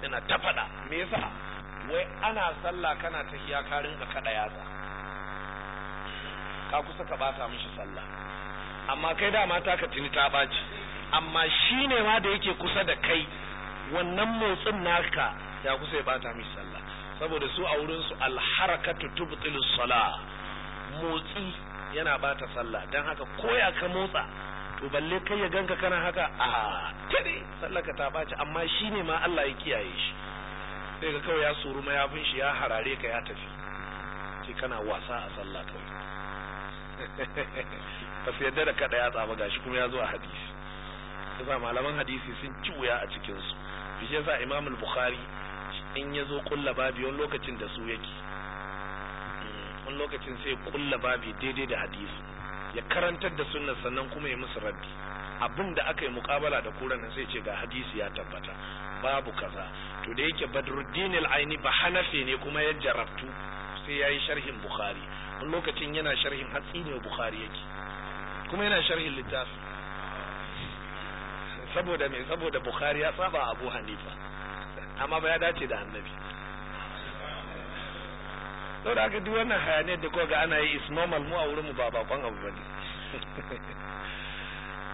yana ta faɗa me yasa wai ana sallah kana ta iya ka rinka kada yatsa ka kusa ka bata mishi sallah amma kai dama ta ka tuni ta baci amma shi ne ma da yake kusa da kai wannan motsin naka ya kusa ya bata mishi sallah saboda su a wurin su alharakatu tubtilu sala motsi yana bata sallah dan haka koya ka motsa to balle kai ya ganka kana haka a tare sallaka ka ta baci amma shi ne ma Allah ya kiyaye shi sai ga kawai ya suru mayafin shi ya harare ka ya tafi sai kana wasa a sallah kawai (laughs) ba su yadda da kada ya tsaba gashi kuma ya zo a hadisi yasa malaman hadisi sun ci wuya a cikinsu su shi yasa Imam al-Bukhari in ya zo kulla babi wani lokacin da su yake hmm, wani lokacin sai kulla babi daidai da hadisi ya karantar da sunan sannan kuma ya musu raddi abin da aka yi mukabala da kuran sai ce ga hadisi ya tabbata babu kaza to da yake badruddin al-aini ba hanafi ne kuma ya jarabtu sai yayi sharhin bukhari a lokacin yana sharhin hatsi ne bukhari yake kuma yana sharhin littafi saboda me saboda bukhari ya saba abu hanifa amma ba ya dace da annabi saboda da duk wannan hayaniyar da kuka ga ana yi is normal mu a wurin mu ba bakon abu bane (laughs)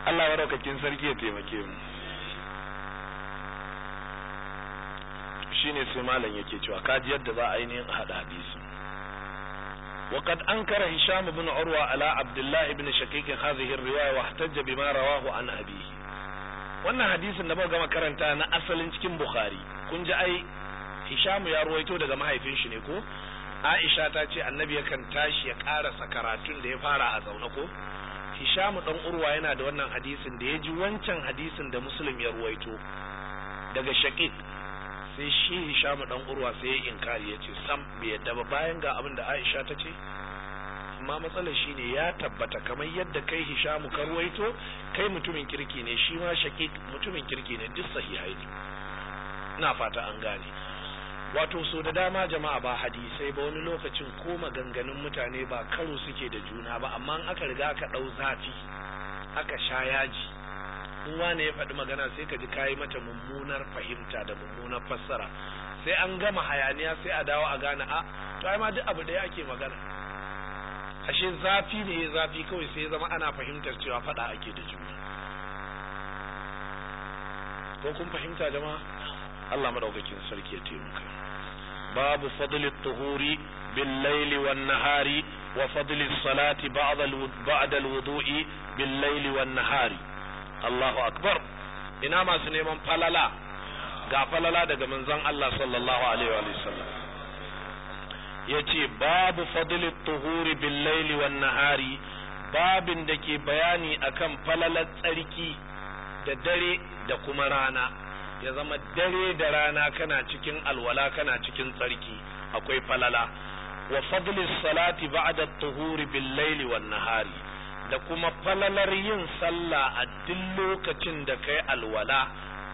Allah ya sarki ya taimake mu shine sai malam yake cewa kaji yadda za a yi ne hada hadisi وقد أنكر هشام بن عروة على عبد الله بن شقيق هذه الرواية واحتج بما رواه عن أبيه wannan hadisin da ba gama karanta na asalin cikin Bukhari kun ji ai Hisham ya ruwaito daga mahaifin shi ne ko Aisha ta ce annabi yakan tashi ya karasa karatun da ya fara a zaune ko Hisham dan Urwa yana da wannan hadisin da ya ji wancan hadisin da Muslim ya ruwaito daga Shaqiq sai shi Hisham dan Urwa sai ya inkari ce sam bai yadda ba bayan ga abin da Aisha ta ce amma matsalar shine ya tabbata kamar yadda kai Hisham ka ruwaito kai mutumin kirki ne shi ma shaƙi mutumin kirki ne duk sahihai ne ina fata an gane wato so da dama jama'a ba hadisai ba wani lokacin ko maganganun mutane ba karo suke da juna ba amma aka riga aka ɗau zafi aka sha yaji in wane ya faɗi magana sai ka ji kayi mata mummunar fahimta da mummunar fassara sai an gama hayaniya sai a dawo a gane a ah, to ai ma duk abu ɗaya ake magana ashe zafi ne ya zafi kawai sai zama ana fahimtar cewa faɗa ake da juna ko kun fahimta jama'a Allah madaukakin sarki ya taimaka babu fadlit tuhuri bil laili wan nahari wa fadlis salati ba'da al wudu'i bil laili wan nahari Allahu akbar ina masu neman falala ga falala daga manzon Allah sallallahu alaihi wa sallam yace babu fadli tuhuri bil laili wan nahari babin da ke bayani akan falalar tsarki da dare da kuma rana ya zama dare da rana kana cikin alwala kana cikin tsarki akwai falala wa fadli salati ba'da tuhuri bil laili wan nahari da kuma falalar yin sallah a duk lokacin da kai alwala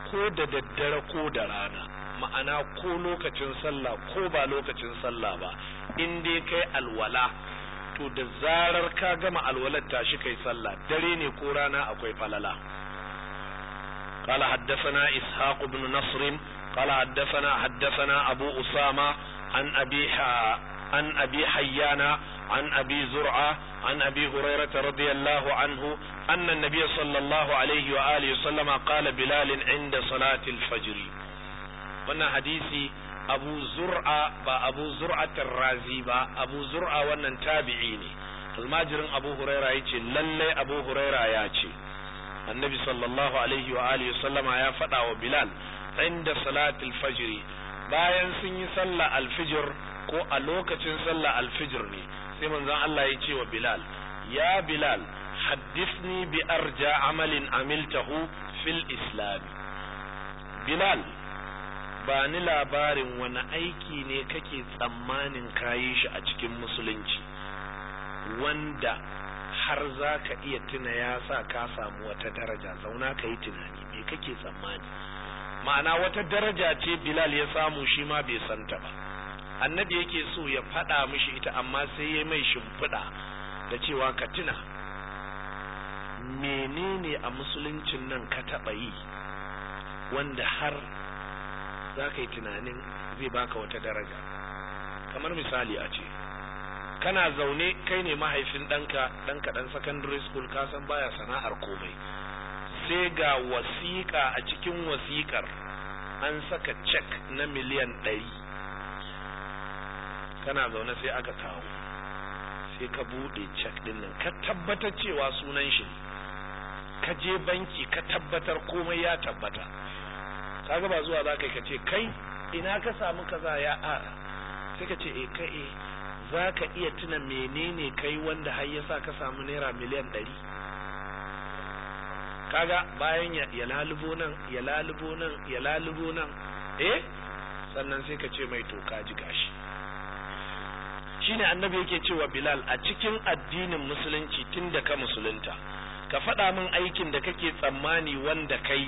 ko da daddare ko da rana ma'ana ko lokacin sallah ko ba lokacin sallah ba in dai kai alwala to da zarar ka gama alwalar tashi kai sallah dare ne ko rana akwai falala قال حدثنا إسحاق بن نصر قال حدثنا حدثنا أبو أسامة عن أبي عن أبي حيان عن أبي زرعة عن أبي هريرة رضي الله عنه أن النبي صلى الله عليه وآله وسلم قال بلال عند صلاة الفجر وانا حديثي أبو زرعة با أبو زرعة الرازي با أبو زرعة وانا تابعيني almajirin abu huraira ya ce lallai abu huraira ya ce annabi sallallahu alaihi wa alihi sallama ya faɗa wa bilal inda salatul fajiri bayan sun yi sallah alfijir ko a lokacin sallah alfijir ne sai manzon Allah ya ce wa Bilal ya Bilal haddithni bi arja amalin amiltahu fil islam Bilal ba ni labarin wani aiki ne kake tsammanin kayi shi a cikin musulunci wanda har za ka iya tuna ya sa ka samu wata daraja zauna ka yi tunani me kake tsammani ma'ana wata daraja ce bilal ya samu shi ma bai santa ba annabi yake so ya faɗa mishi ita amma sai ya mai shimfiɗa da cewa ka tuna menene a musuluncin nan ka taɓa yi wanda har za ka yi tunanin zai baka wata daraja kamar misali a ce kana zaune kai ne mahaifin ɗanka ɗanka ɗan secondary school ka san baya sana'ar komai sai ga wasiƙa a cikin wasiƙar an saka cek na miliyan ɗari kana zaune sai aka kawo sai ka buɗe cek ɗin nan ka tabbatar cewa sunan shi ka je banki ka tabbatar komai ya tabbata kaga ba zuwa za ka ce kai ina ka samu kaza ya a sai ka ce e ka e za ka iya tuna menene kai wanda har ya sa ka samu naira miliyan ɗari kaga bayan ya lalubo nan ya lalubo nan ya lalubo nan eh sannan sai ka ce mai toka ji gashi shine annabi yake cewa bilal a cikin addinin musulunci tun da ka musulunta ka faɗa min aikin da kake tsammani wanda kai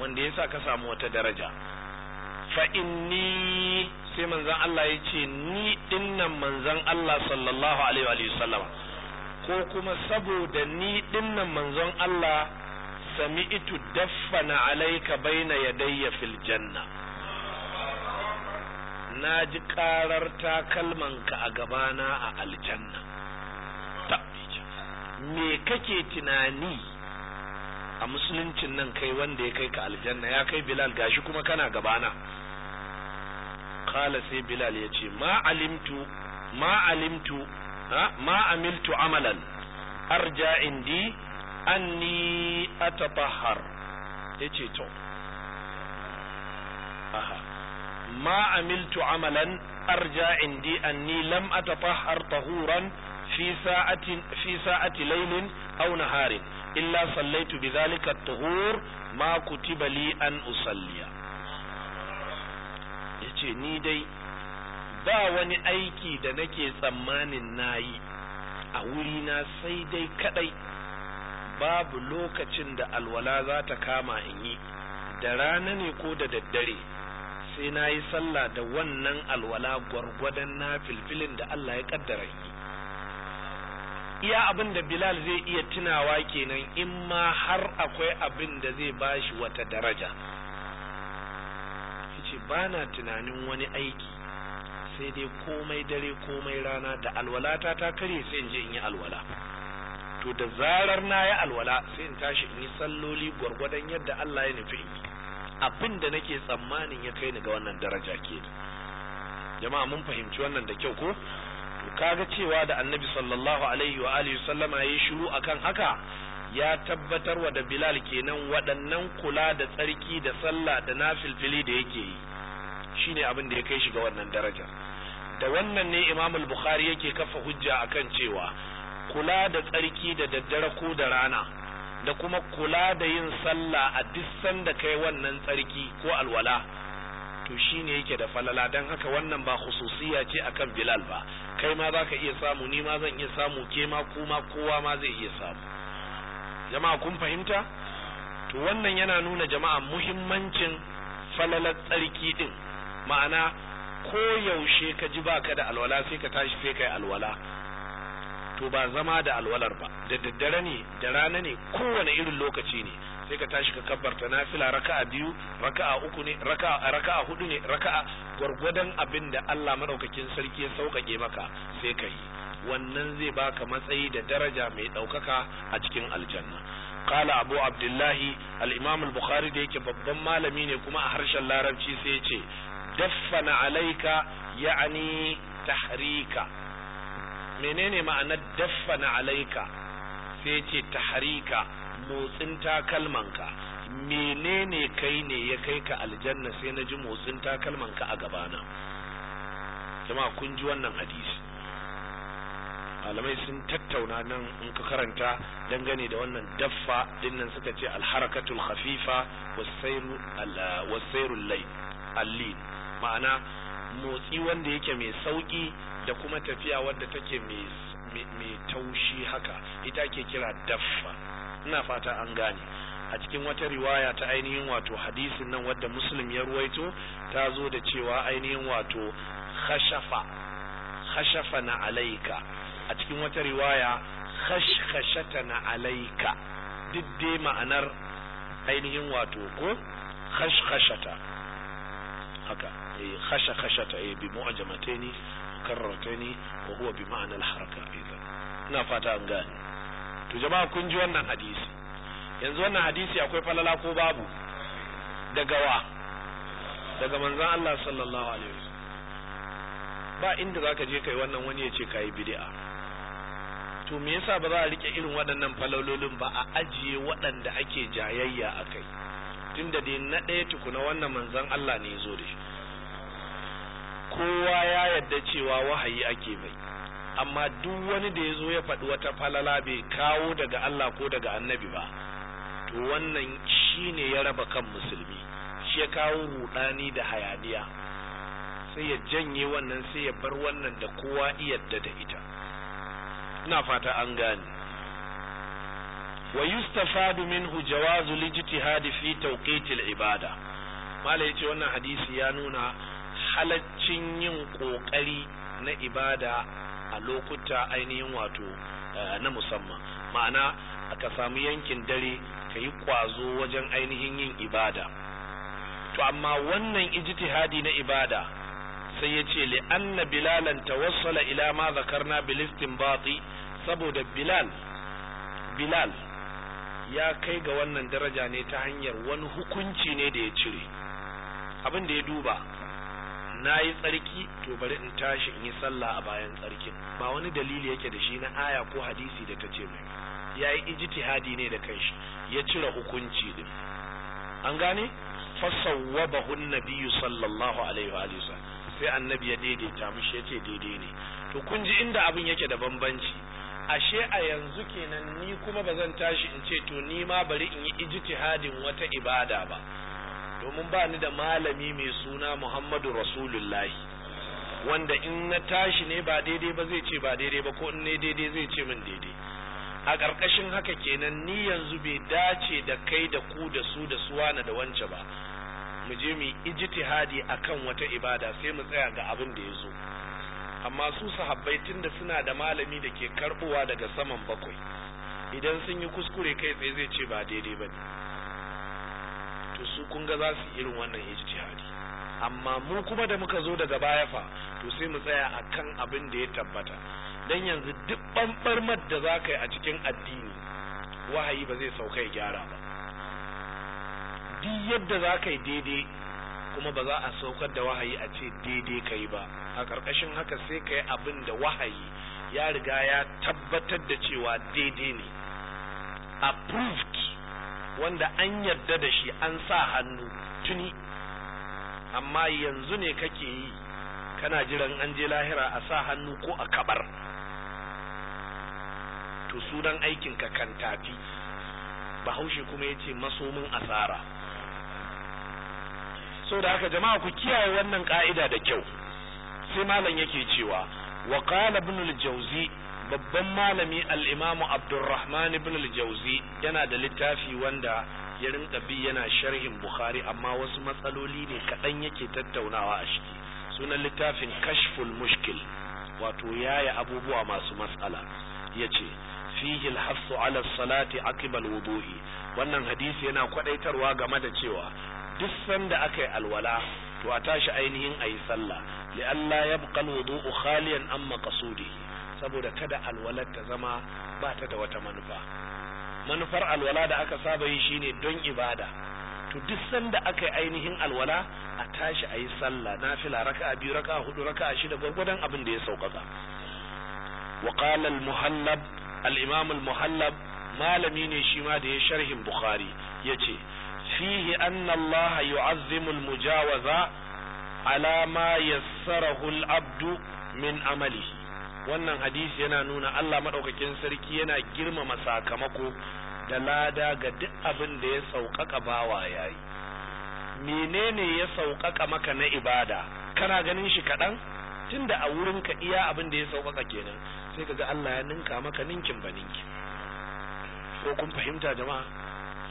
wanda yasa ka samu wata daraja fa inni sai manzon Allah ya ce ni dinnan manzon Allah sallallahu alaihi wa ko kuma saboda ni dinnan manzon Allah sami itu daffana alaika baina yadayya fil janna na ji karar ka a gabana a aljanna me kake tunani a musuluncin nan kai wanda ya kai ka aljanna ya kai bilal gashi kuma kana gabana kala sai bilal ya ce ma alimtu ma alimtu ma amiltu amalan arja indi anni atatahhar yace to ما عملت عملا arja indi anni لم atatahhar tahuran fi sa'atin في sa'ati ليل aw نهار illa صليت بذلك الطهور ما ma لي li an usalliya yace ni dai ba wani aiki da nake tsammanin nayi a wuri na sai dai kadai babu lokacin da alwala za ta kama in yi da rana ne ko da daddare sai na yi sallah da wannan alwala gwargwadon na filfilin da Allah ya kaddara shi iya abin da Bilal zai iya tunawa kenan in ma har akwai abin da zai bashi wata daraja yace ba na tunanin wani aiki sai dai komai dare komai rana da alwalata ta kare sai in je in yi alwala to da zarar na yi alwala sai in tashi in yi salloli gwargwadon yadda Allah ya nufi abin da nake tsammanin ya kai ni ga wannan daraja ke jama'a mun fahimci wannan da kyau ko kaga cewa da annabi sallallahu alaihi wa alihi sallama yayi shiru akan haka ya tabbatar wa da Bilal kenan waɗannan kula da tsarki da sallah da nafilfili da yake yi shine abin da ya kai shi ga wannan daraja da wannan ne Imam bukhari yake kafa hujja akan cewa kula da tsarki da daddare ko da rana da kuma kula da yin sallah a duk sanda kai wannan tsarki ko alwala to shine yake da falala dan haka wannan ba khususiya ce akan Bilal ba kai ma zaka iya samu ni ma zan iya samu ke ma kuma kowa ma zai iya samu jama'a kun fahimta to wannan yana nuna jama'a muhimmancin falalar tsarki din ma'ana ko yaushe ka ji baka da alwala sai ka tashi sai kai alwala to ba zama da alwalar ba da daddare ne da rana ne kowane irin lokaci ne sai ka tashi ka kabbarta nafila raka'a biyu raka'a uku ne raka'a hudu ne raka'a gwargwadon abin da Allah madaukakin sarki ya sauƙaƙe maka sai ka yi wannan zai baka matsayi da daraja mai ɗaukaka a cikin aljanna قال abu abdullahi al-imam البخاري bukhari da yake babban malami ne kuma a harshen larabci sai yace daffana alaika ya'ani tahrika menene ma'anar daffana alaika sai ce taharika motsin takalmanka menene kai ne ya kai ka aljanna sai na ji motsin takalmanka a gabana jama'a kun ji wannan hadisi malamai sun tattauna nan in ka karanta dangane da wannan daffa dinnan suka ce alharakatul khafifa wasairul lai allin ma'ana motsi wanda yake mai sauki da kuma tafiya wadda take mai taushi haka ita ke kira daffa ina fata an gane a cikin wata riwaya ta ainihin wato hadisin nan wadda muslim ya ruwaito ta zo da cewa ainihin wato khashafa khashafa na alaika a cikin wata riwaya khashkashata na alaika duk dai ma'anar ainihin wato ko khashkashata haka eh khashkhashata eh bi ne. karartani wa huwa bi ma'anar haraka aidan ina fata an gane to jama'a kun ji wannan hadisi yanzu wannan hadisi akwai falala ko babu daga wa daga manzon Allah sallallahu alaihi wasallam ba inda zaka je kai wannan wani ya ce kai bid'a to me yasa ba za a rike irin waɗannan falalolin ba a ajiye waɗanda ake jayayya akai tunda dai na ɗaya tukuna wannan manzon Allah ne ya zo da shi kowa ya yadda cewa wahayi ake bai amma duk wani da ya zo ya faɗi wata falala bai kawo daga Allah ko daga annabi ba to wannan shi ne ya raba kan musulmi shi ya kawo rudani da hayaniya sai ya janye wannan sai ya bar wannan da kowa iyadda da ita ina fata an gane wa yustafadu minhu jawazu lijtihadi fi tawqitil ibada malai yace wannan hadisi ya nuna halaccin yin ƙoƙari na ibada a lokuta ainihin wato eh, na musamman ma'ana ka samu yankin dare ka yi ƙwazo wajen ainihin yin ibada to amma wannan ijtihadi na ibada sai ya ce li'anna bilalan tawassala ila ma zakarna bil istinbati saboda bilal bilal ya kai ga wannan daraja ne ta hanyar wani hukunci ne da ya cire abin da ya duba na yi tsarki to bari in tashi in yi sallah a bayan tsarkin ba wani dalili yake da shi na aya ko hadisi da ta ce mai ya yi ijtihadi ne da kanshi ya cire hukunci din an gane fasawwabahu nabiyyu sallallahu alaihi wa sai annabi ya daidaita ya yace daidai ne to kun ji inda abin yake da bambanci ashe a yanzu kenan ni kuma ba zan tashi in ce to ni ma bari in yi ijtihadin wata ibada ba domin ba ni da malami mai suna Muhammadu Rasulullahi wanda in na tashi ne ba daidai ba zai ce ba daidai ba ko in ne daidai zai ce min daidai a ƙarƙashin haka kenan ni yanzu bai dace da kai da ku da su da suwana da wance ba mu je mu ijtihadi akan wata ibada sai mu tsaya ga abin da ya zo amma su sahabbai tunda suna da malami da ke karbowa daga saman bakwai idan sun yi kuskure kai tsaye zai ce ba daidai ba ne su kun ga za su irin wannan ijtihadi amma mu kuma da muka zo daga baya fa to sai mu tsaya akan abin da ya tabbata dan yanzu duk bambarmar da za ka yi a cikin addini wahayi ba zai sauka ya gyara ba duk yadda za ka yi daidai kuma ba za a saukar da wahayi a ce daidai ka yi ba a ƙarƙashin haka sai ka yi abin da wahayi ya riga ya tabbatar da cewa daidai ne approved wanda an yarda da shi an sa hannu tuni amma yanzu ne kake yi kana jiran an je lahira a sa hannu ko a kabar to sunan aikinka kan tafi bahaushe kuma ya ce masomin asara so da haka jama'a ku kiyaye wannan ka'ida da kyau sai malam yake cewa wa qala ibn jawzi babban malami al'imamu Abdulrahman ibn al-jauzi yana da littafi wanda ya rinka bi yana sharhin bukhari amma wasu matsaloli ne kaɗan yake tattaunawa a ciki sunan littafin kashful mushkil wato yaya abubuwa masu matsala ya ce fihi alhassu ala salati akibal wudu'i wannan hadisi yana kwadaitarwa game da cewa duk sanda aka yi alwala to a tashi ainihin a yi sallah li'alla yabqa alwudu'u khaliyan amma qasudi saboda kada alwalar ta zama ba ta da wata manufa manufar alwala da aka saba yi shine don ibada to duk sanda aka yi ainihin alwala a tashi a yi sallah nafila raka biyu raka'a hudu raka'a shida gwargwadon abin da ya sauƙaƙa wa qala al muhallab al imam al muhallab malami ne shi ma da ya sharhin bukhari yace fihi anna Annallaha yu'azzimu al mujawaza ala ma yassarahu al abdu min amalihi wannan hadisi yana nuna Allah madaukakin sarki yana girmama sakamako da lada ga duk abin da ya sauƙaƙa bawa yayi menene ya sauƙaƙa maka na ibada kana ganin shi kaɗan tunda a wurin ka iya abin da ya sauƙaƙa kenan sai ka ga Allah ya ninka maka ninkin ba ninkin ko kun fahimta jama'a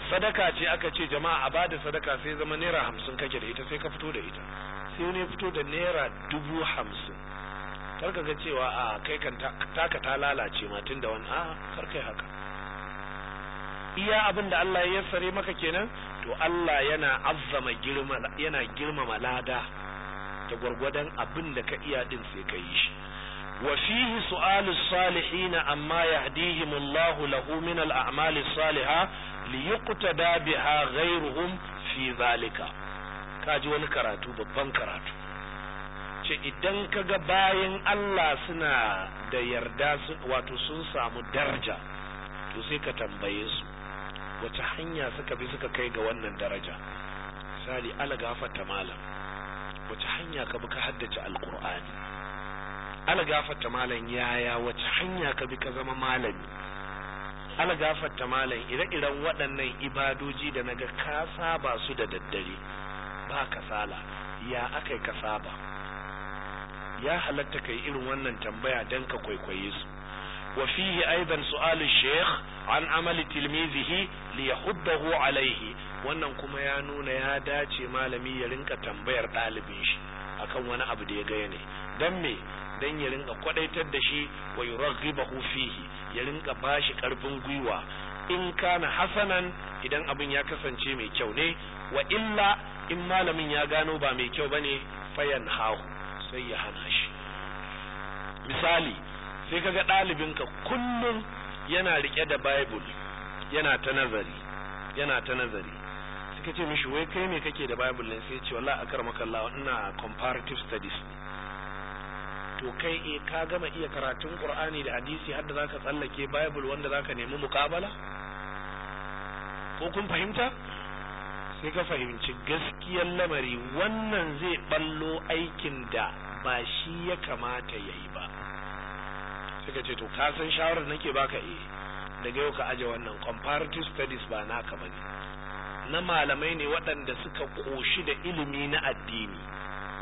sadaka ce aka ce jama'a a bada sadaka sai zama naira hamsin kake da ita sai ka fito da ita sai ne fito da naira dubu hamsin kar ka ga cewa a ah, kai kan taka ta lalace ma tun da wani a ah, kar kai haka iya abin da Allah ya sare maka kenan to Allah yana azzama girma yana girmama lada ta gwargwadon abin da ka iya din sai ka yi shi wa fihi su'alu salihin amma yahdihim Allah lahu min al-a'mali saliha li yuqtada biha ghayruhum fi zalika kaji wani karatu babban karatu ce idan kaga bayan Allah suna da yarda wato sun samu daraja to sai ka tambaye su wace hanya suka bi suka kai ga wannan daraja misali ala gafarta malam wace hanya ka bi ka haddace alkur'ani ala gafarta malam yaya wace hanya ka bi ka zama malami ala gafarta malam ire-iren waɗannan ibadoji da naga ka saba su da daddare ba kasala ya akai ka saba ya halatta kai irin wannan tambaya dan ka kwaikwaye su wa fihi aidan su'alu sheikh an amali tilmizihi li yahuddahu alaihi wannan kuma ya nuna ya dace malami ya rinka tambayar ɗalibin shi akan wani abu da ya gaya ne dan me dan ya rinka kwadaitar da shi wa yurghibahu fihi ya rinka bashi karfin gwiwa in kana hasanan idan abin ya kasance mai kyau ne wa illa in malamin ya gano ba mai kyau bane fayan hahu sai ya hana shi misali sai kaga ɗalibinka kullum yana rike da bible yana ta nazari yana ta nazari suka ce mishi wai kai me kake da bible ne sai ce wallahi akar makalla ina comparative studies to kai eh ka gama iya karatun qur'ani da hadisi har da zaka tsallake bible wanda zaka nemi mukabala ko kun fahimta sai ka fahimci gaskiyar lamari wannan zai ballo aikin da ba shi ya kamata ya yi ba suka ce to ka san shawarar nake baka eh daga yau ka aje wannan comparative studies ba naka bane na malamai ne waɗanda suka koshi da ilimi na addini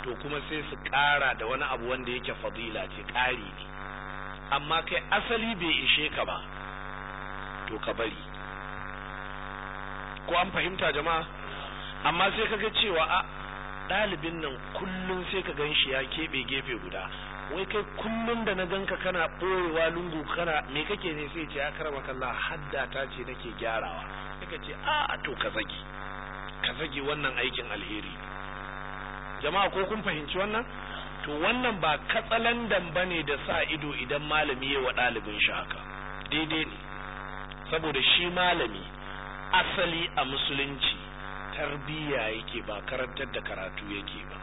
to kuma sai su ƙara da wani abu wanda yake fadila ce ƙari ne amma kai asali bai ishe ka ba to ka bari ko an fahimta jama'a amma sai kaga cewa a Dalibin nan kullum sai ka gan shi ya keɓe gefe guda wai kai kullum da na ganka kana ɓoyewa lungu kana me kake ne sai ce ya karama kalla hadda ta ce nake gyarawa sai ce a to ka zage ka zage wannan aikin alheri jama'a ko kun fahimci wannan to wannan ba katsalandan bane da sa ido idan malami ya wa ɗalibin shi haka daidai ne saboda shi malami asali a musulunci tarbiya yake ba karantar da karatu yake ba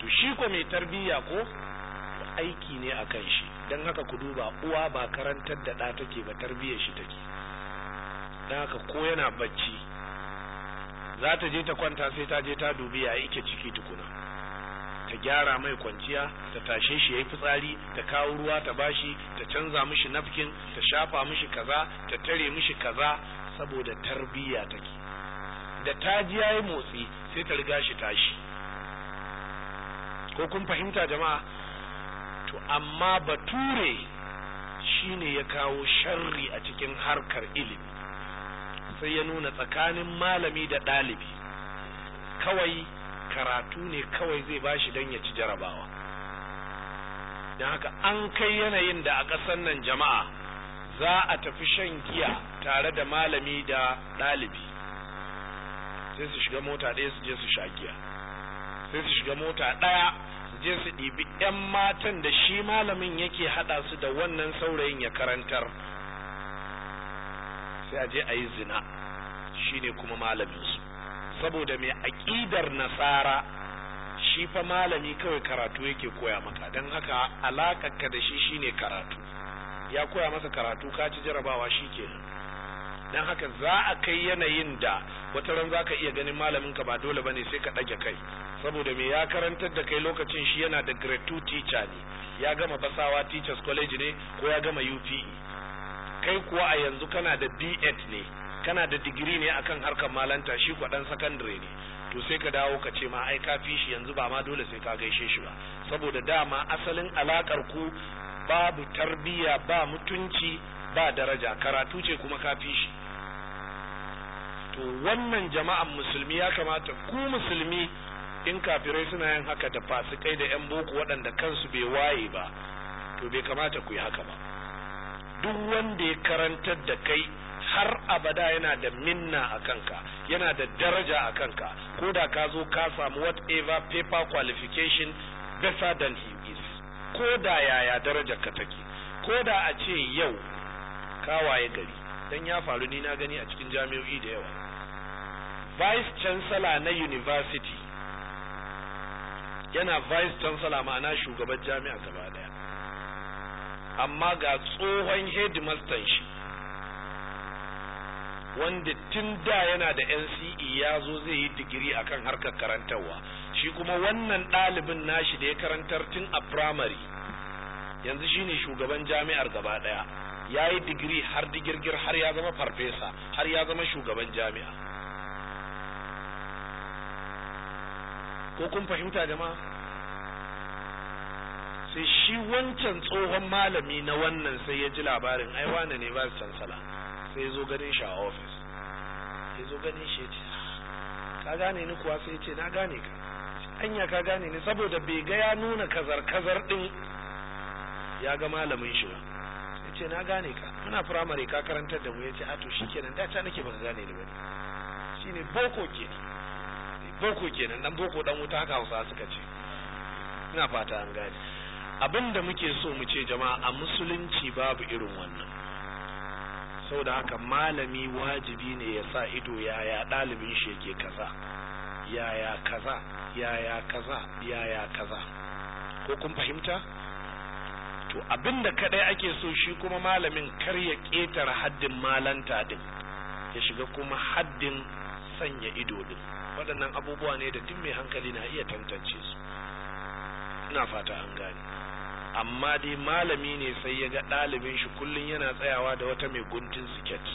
to shi ko mai tarbiya ko aiki ne a kan shi don haka ku duba uwa ba karantar da ɗa take ba tarbiyyar shi take don haka ko yana bacci za ta je ta kwanta sai ta je ta dubi ya ike ciki tukuna ta gyara mai kwanciya ta tashe shi ya yi fitsari ta kawo ruwa ta bashi ta canza mishi nafkin ta shafa mishi kaza ta tare mishi kaza saboda tarbiyya take da ta ji yayi motsi sai ta riga shi tashi ko kun fahimta jama'a to amma bature shine ya kawo sharri a cikin harkar ilimi sai ya nuna tsakanin malami da ɗalibi kawai karatu ne kawai zai bashi don ya ci jarabawa don haka an kai yanayin da a ƙasar nan jama'a za a tafi shan giya tare da malami da ɗalibi sai su shiga mota ɗaya su je su sha giya sai su shiga mota ɗaya su je su ɗibi 'yan matan da shi malamin yake haɗa su da wannan saurayin ya karantar sai a je a yi zina shi ne kuma malaminsu saboda mai aƙidar nasara shi fa malami kawai karatu yake koya maka don haka alaƙarka da shi shine karatu ya koya masa karatu ka ci jarabawa shi kenan dan haka za a kai yanayin da wata ran zaka iya ganin malamin ka ba dole bane sai ka ɗage kai saboda me ya karantar da kai lokacin shi yana da grade 2 teacher ne ya gama basawa teachers college ne ko ya gama UPE kai kuwa a yanzu kana da B.Ed ne kana da digiri ne akan harkar malanta shi kwa dan secondary ne to sai ka dawo ka ce ma ai ka fi shi yanzu ba ma dole sai ka gaishe shi ba saboda dama asalin alakar ku babu tarbiya ba mutunci ba daraja karatu ce kuma kafi shi to wannan jama'an musulmi ya kamata ku musulmi in kafirai suna yin haka da fasikai da yan boko waɗanda kansu bai waye ba to bai kamata ku yi haka ba duk wanda ya karantar da kai har abada yana da minna a kanka yana da daraja a kanka ko da ka zo ka samu whatever paper qualification better than he is ko da yaya darajar ka take ko da a ce yau kawaye gari dan ya faru ni na gani a cikin jami'o'i da yawa vice chancellor na university yana vice chancellor ma'ana shugaban jami'a gaba daya amma ga tsohon headmaster shi wanda tun da yana da NCE ya zo zai yi digiri akan harkar karantarwa shi kuma wannan ɗalibin nashi da ya karantar tun a primary yanzu shine shugaban jami'ar gaba ɗaya ya yi digiri har digirgir har ya zama farfesa har ya zama shugaban jami'a ko kun fahimta jama'a sai shi wancan tsohon malami na wannan sai ya ji labarin ai wane ne ba cansala sai ya zo ganin shi a ofis ya zo ganin shi ya ce ah, ka gane ni kuwa sai ya ce na gane ka anya ka gane ni saboda bai ga ya nuna kazar kazar din ya ga malamin shi ba ce na gane ka muna firamare ka karantar da mu ya ce a to kenan da ta nake ba gane ni bane ne boko kenan boko kenan dan boko dan wuta haka Hausa suka ce ina fata an gane abinda muke so mu ce jama'a a musulunci babu irin wannan saboda haka malami wajibi ne ya sa ido yaya ɗalibin shi yake kaza yaya kaza yaya kaza yaya kaza ko kun fahimta to abinda kadai ake so shi kuma malamin kar ya ƙetare haddin malanta din ya shiga kuma haddin sanya ido din waɗannan abubuwa ne da duk mai hankali na iya tantance su ina fata an gane amma dai malami ne sai ya ga ɗalibin shi kullum yana tsayawa da wata mai guntun siket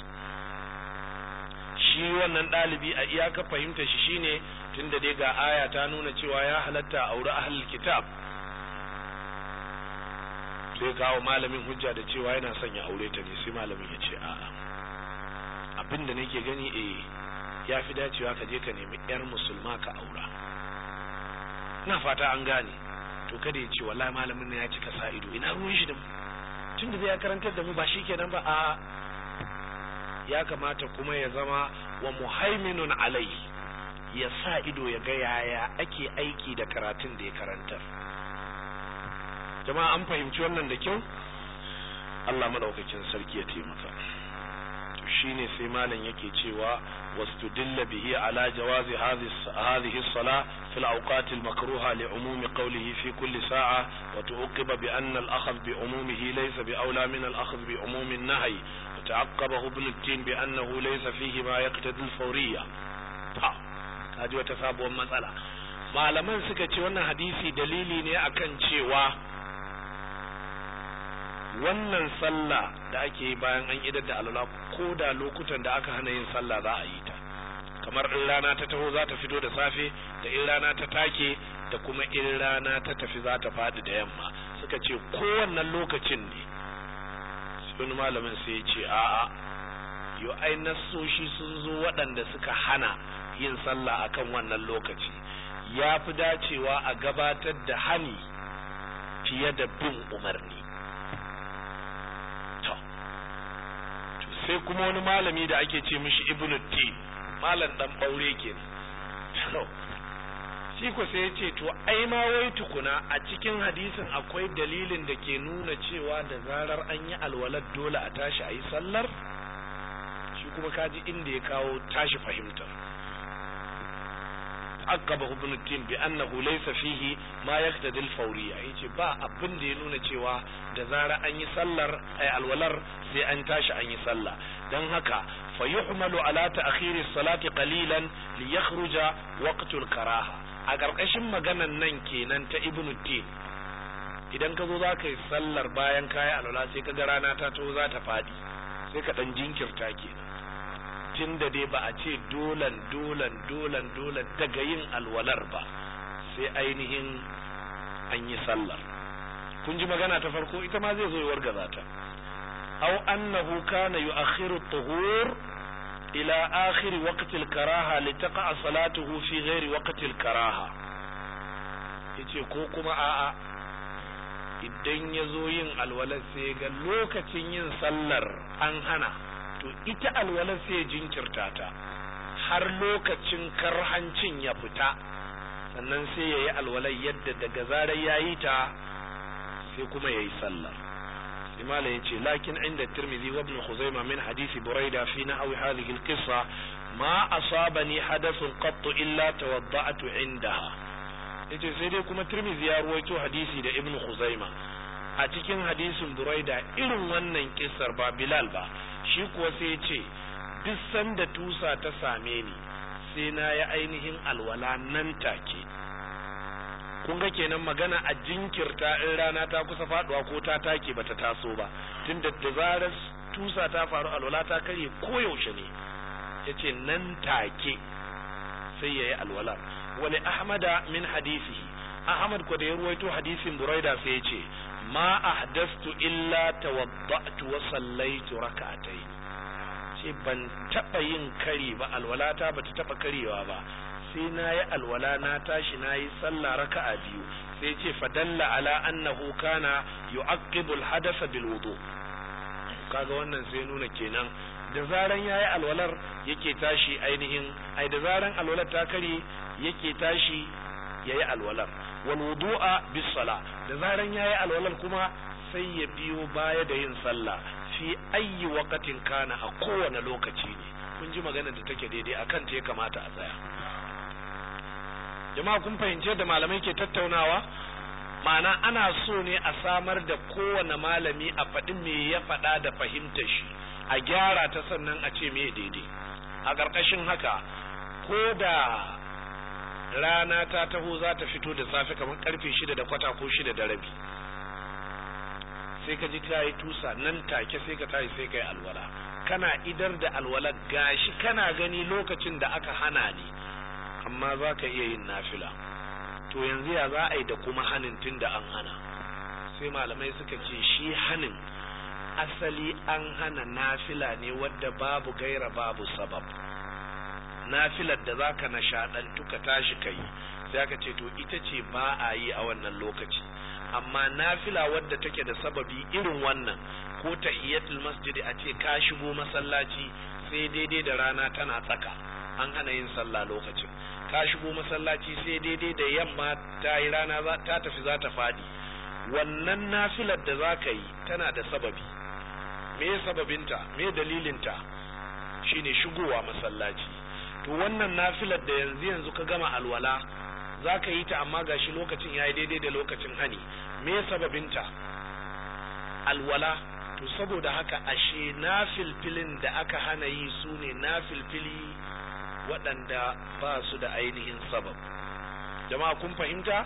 shi wannan ɗalibi a iyaka fahimta shi shine tunda dai ga aya ta nuna cewa ya halatta auri ahlul kitab sai kawo malamin hujja da cewa yana son ya aure ta ne sai malamin ya ce a'a abin da nake gani eh ya fi dacewa ka je ka nemi yar musulma ka aura ina fata an gane to kada ya ce wallahi malamin ne ya cika sa ido ina ruwan shi da mu tun da zai ya karantar da mu ba shi kenan ba a ya kamata kuma ya zama wa muhaiminun alai ya sa ido ya ga yaya ake aiki da karatun da ya karantar jama'a an fahimci wannan da kyau Allah madaukakin sarki ya taimaka to shine sai malam yake cewa wastudilla bihi ala jawazi hadhihi as-salah fi al-awqat al-makruha li umum qawlihi fi kulli sa'a wa tu'qiba bi anna al-akhd bi umumihi laysa bi awla min al-akhd bi umum an-nahy wa ta'aqqabahu ibn al-tin bi annahu laysa fihi ma yaqtadi al-fawriyya kaji wata sabuwar matsala malaman suka ce wannan hadisi dalili ne akan cewa wannan sallah da ake yi bayan an idar da alala ko da lokutan da aka hana yin sallah za a yi ta kamar in rana ta taho za ta fito da safe da in rana ta take da kuma in rana ta tafi za ta faɗi da yamma suka ce kowannan lokacin ne sun malamin sai ya ce a'a yo ai nasoshi sun zo waɗanda suka hana yin sallah akan wannan lokaci ya fi dacewa a gabatar da hani fiye da bin umarni sai kuma wani malami da ake ce mishi ibnu ti malam dan baure ke shi ko sai ya to ai ma wai tukuna a cikin hadisin akwai dalilin da ke nuna cewa da zarar an yi alwalad dole a tashi a yi sallar shi kuma kaji inda ya kawo tashi fahimtar عقبه ابن القيم بانه ليس فيه ما يقتضي الفوريه yace ba abin da ya nuna cewa da zara an yi sallar ay alwalar sai an tashi an yi sallah dan haka fa yuhmalu ala ta'khiri salati qalilan li yakhruja waqtul karaha a ƙarƙashin maganan nan kenan ta Ibn tin idan ka zo za yi sallar bayan kayi alwala sai ka ga rana ta to za ta fadi, sai ka ɗan jinkirta kenan tun da dai ba a ce dolan dolan dolan dolan daga yin alwalar ba sai ainihin an yi sallar kun ji magana ta farko ita ma zai zo yi warga ta aw annahu kana yu'akhiru tuhur ila akhir waqti karaha litaqa salatuhu fi ghairi waqti karaha yace ko kuma a'a idan ya zo yin alwalar sai ga lokacin yin sallar an hana to ita alwalar sai jinkirta ta har lokacin karhancin ya fita sannan sai ya yi alwalar yadda daga zarar ya yi ta sai kuma ya yi sallar imala ya ce lakin inda tirmidhi wa ibn khuzaima min hadisi buraida fi nahwi hadhihi alqissa ma asabani hadathun qattu illa tawadda'tu indaha yace sai dai kuma tirmidhi ya ruwaito hadisi da ibn khuzaima a cikin hadisin buraida irin wannan kissar ba bilal ba shi kuwa sai ce duk sanda tusa ta same ni sai na yi ainihin alwala nan take kun ga kenan magana a jinkirta in rana ta kusa faduwa ko ta take bata taso ba tunda da zarar tusa ta faru alwala ta karye koyaushe ne Ya ce nan take sai ya yi alwala Wani ahmada min hadisi ahmad ko da ya ruwaito hadisin buraida sai ce. ma ahdastu illa tawadda'tu wa sallaitu rak'atayn ce ban taɓa yin kari ba alwala ta bata taɓa karewa ba sai nayi alwala na tashi nayi sallah raka'a biyu sai ce fadalla ala annahu kana yu'aqibu alhadasa bil wudu kaga wannan sai nuna kenan da zaran yayi alwalar yake tashi ainihin ai da zaran alwalar ta kare yake tashi yayi alwalar wal wudu'a bis sala da zaran yayi alwalar kuma sai ya biyo baya da yin sallah fi ayi waqatin kana a kowane lokaci ne kun ji magana da take daidai akan ta ya kamata a tsaya jama'a kun fahimce da malamai ke tattaunawa ma'ana ana so ne a samar da kowane malami a faɗi me ya faɗa da fahimtar shi a gyara ta sannan a ce me daidai a ƙarƙashin haka ko da rana ta taho za ta fito da safe kamar karfe shida da kwata ko shida da rabi sai ka ji ta yi tusa nan take sai ka tashi sai ka yi alwala kana idar da alwala gashi kana gani lokacin da aka hana ni amma za ka iya yin nafila to yanzu ya za a yi da kuma hanin tun da an hana sai malamai suka ce shi hanin asali an hana nafila ne wadda babu gaira babu sabab nafilar da za ka nashaɗantu ka tashi ka yi, sai aka ce to ita ce ba a yi a wannan lokaci amma nafila wadda take da sababi irin wannan ko ta tahiyatul masjidi a ce ka shigo masallaci sai daidai da rana tana tsaka an hana yin sallah lokacin ka shigo masallaci sai daidai da yamma ta yi rana ta tafi za ta fadi wannan nafilar da za ka yi tana da sababi me sababinta me dalilinta shine shigowa masallaci to wannan nafilar da yanzu yanzu ka gama alwala za ka yi ta amma gashi lokacin ya yi daidai da lokacin hani me sababinta alwala to saboda haka ashe nafilfilin da aka hana yi su ne nafilfili waɗanda ba su da ainihin sabab jama'a kun fahimta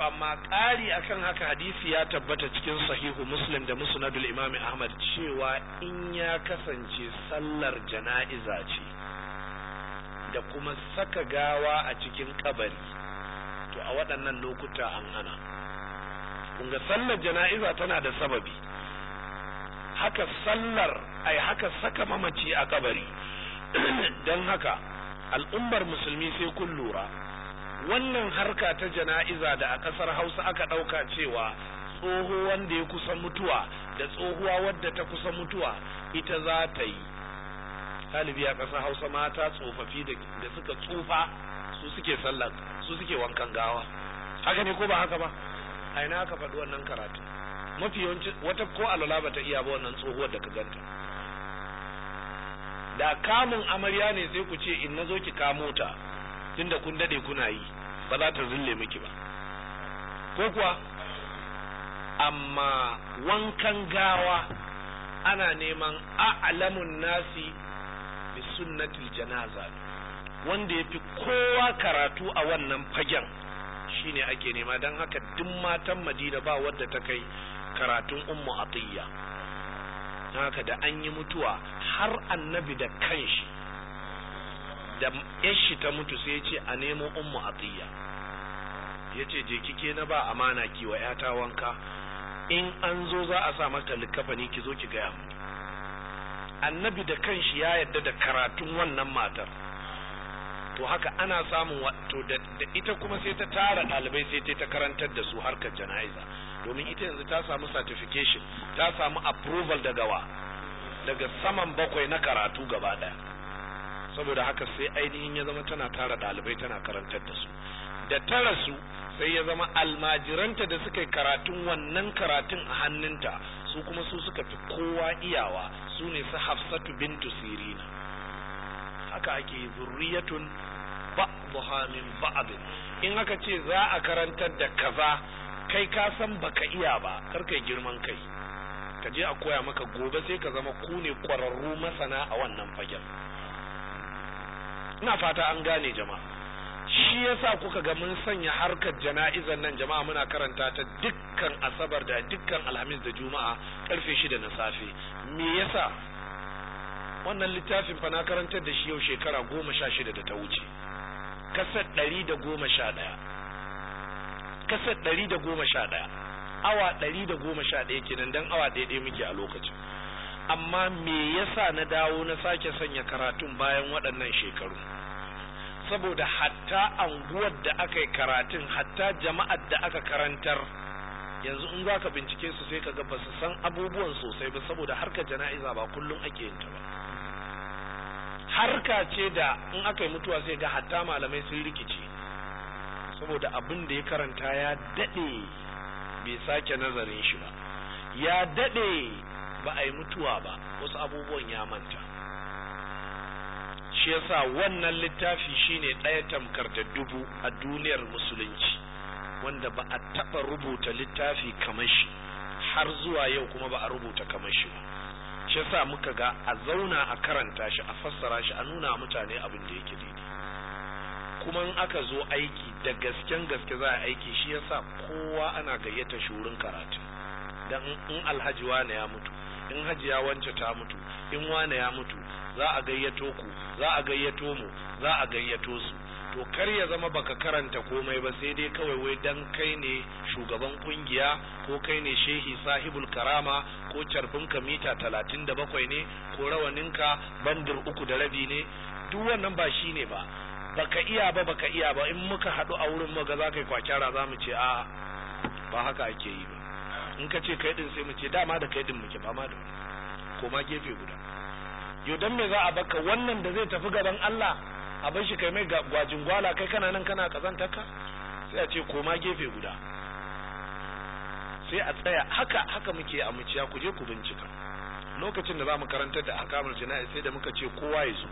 amma ƙari akan haka hadisi ya tabbata cikin sahihu muslim da musnadul imami ahmad cewa in ya kasance sallar jana'iza ce da kuma saka gawa a cikin kabari to a waɗannan lokuta an hana kunga sallar jana'iza tana da sababi haka sallar ai haka saka mamaci a kabari (clears throat) don haka al'ummar musulmi sai kun lura wannan harka ta jana'iza da a ƙasar hausa aka ɗauka cewa tsoho wanda ya kusa mutuwa da tsohuwa wadda ta kusa mutuwa ita za ta yi galibi a ƙasar hausa mata tsofaffi da suka tsufa su suke sallar su suke wankan gawa haka ne ko ba haka ba a ina aka faɗi wannan karatu mafi yawanci wata ko alwala ba ta iya ba wannan tsohuwar da ka ganta da kamun amarya ne sai ku ce in na zo ki kamo ta tunda kun daɗe kuna yi ba za ta zille miki ba ko kuwa amma wankan gawa ana neman a'lamun nasi sunnatul janaza wanda yafi kowa karatu a wannan fagen shine ake nema don haka duk matan madina ba wadda ta kai karatun ummu atiyya haka da an yi mutuwa har annabi da kanshi da yashi ta mutu sai ya ce a nemo ummu atiyya yace ce je kike na ba amana ki wa yata wanka in an zo za a sa maka likafani ki zo ki gaya mu annabi da kanshi ya yarda da karatun wannan matar to haka ana samun wato da ita kuma sai ta tara ɗalibai sai ta ta karantar da su harkar jana'iza domin ita yanzu ta samu certification ta samu approval daga wa daga saman bakwai na karatu gaba ɗaya saboda haka sai ainihin ya zama tana tara ɗalibai tana karantar da su da tara su sai ya zama almajiranta da suka yi karatun wannan karatun a hannunta su kuma su suka fi kowa iyawa su ne su hafsatu bintu sirina haka ake zurriyatun muhamin ba abin in aka ce za a karantar da kaza kai ka san baka iya ba kar girman kai ka je a koya maka gobe sai ka zama ku ne kwararru masana a wannan fagen ina fata an gane jama'a shi yasa kuka ga mun sanya harkar jana'izar nan jama'a muna karanta ta dukkan asabar da dukkan alhamis da juma'a karfe shida na safe me yasa wannan littafin fa na karantar da shi yau shekara goma sha shida da ta wuce kasar ɗari da goma sha ɗaya awa ɗari da goma sha ɗaya kenan dan awa ɗaya muke a lokacin amma me yasa na dawo na sake sanya karatun bayan waɗannan shekaru saboda hatta anguwar da aka yi karatun hatta jama'ar da aka karantar yanzu in za ka bincike su sai ka ga ba su san abubuwan sosai ba saboda harka jana'iza ba kullum ake yin ta ba harka ce da in aka yi mutuwa sai ga hatta malamai sun rikici saboda abin da ya karanta ya daɗe bai sake nazarin shi ba ya daɗe ba a yi mutuwa ba wasu abubuwan ya manta shi yasa wannan littafi shine ɗaya tamkar da dubu a duniyar musulunci wanda ba a taɓa rubuta littafi kamar shi har zuwa yau kuma ba a rubuta kamar shi ba shi yasa muka ga a zauna a karanta shi a fassara shi a nuna mutane abin da yake daidai kuma in aka zo aiki da gasken gaske za a aiki shi yasa kowa ana gayyata shi wurin karatu dan in alhaji wane ya mutu in hajiya wance ta mutu in wane ya mutu za a gayyato ku za a gayyato mu za a gayyato su to kar ya zama baka karanta komai ba sai dai kawai wai dan kai ne shugaban kungiya ko kai ne shehi sahibul karama ko ka mita talatin da bakwai ne ko rawaninka bandir uku da rabi ne duk wannan ba shi ne ba baka iya ba baka iya ba in muka haɗu a wurin maga za ka yi kwakyara za mu ce a ba haka ake yi ba in ka ce kai din sai mu ce dama da kai din muke fama da koma gefe guda yau dan me za a baka wannan da zai tafi gaban Allah a bar shi kai mai gwajin gwala kai kana nan kana kazantaka sai a ce koma gefe guda sai a tsaya haka haka muke a muciya ku je ku bincika lokacin da za mu karantar da akamul jana'i sai da muka ce kowa ya zo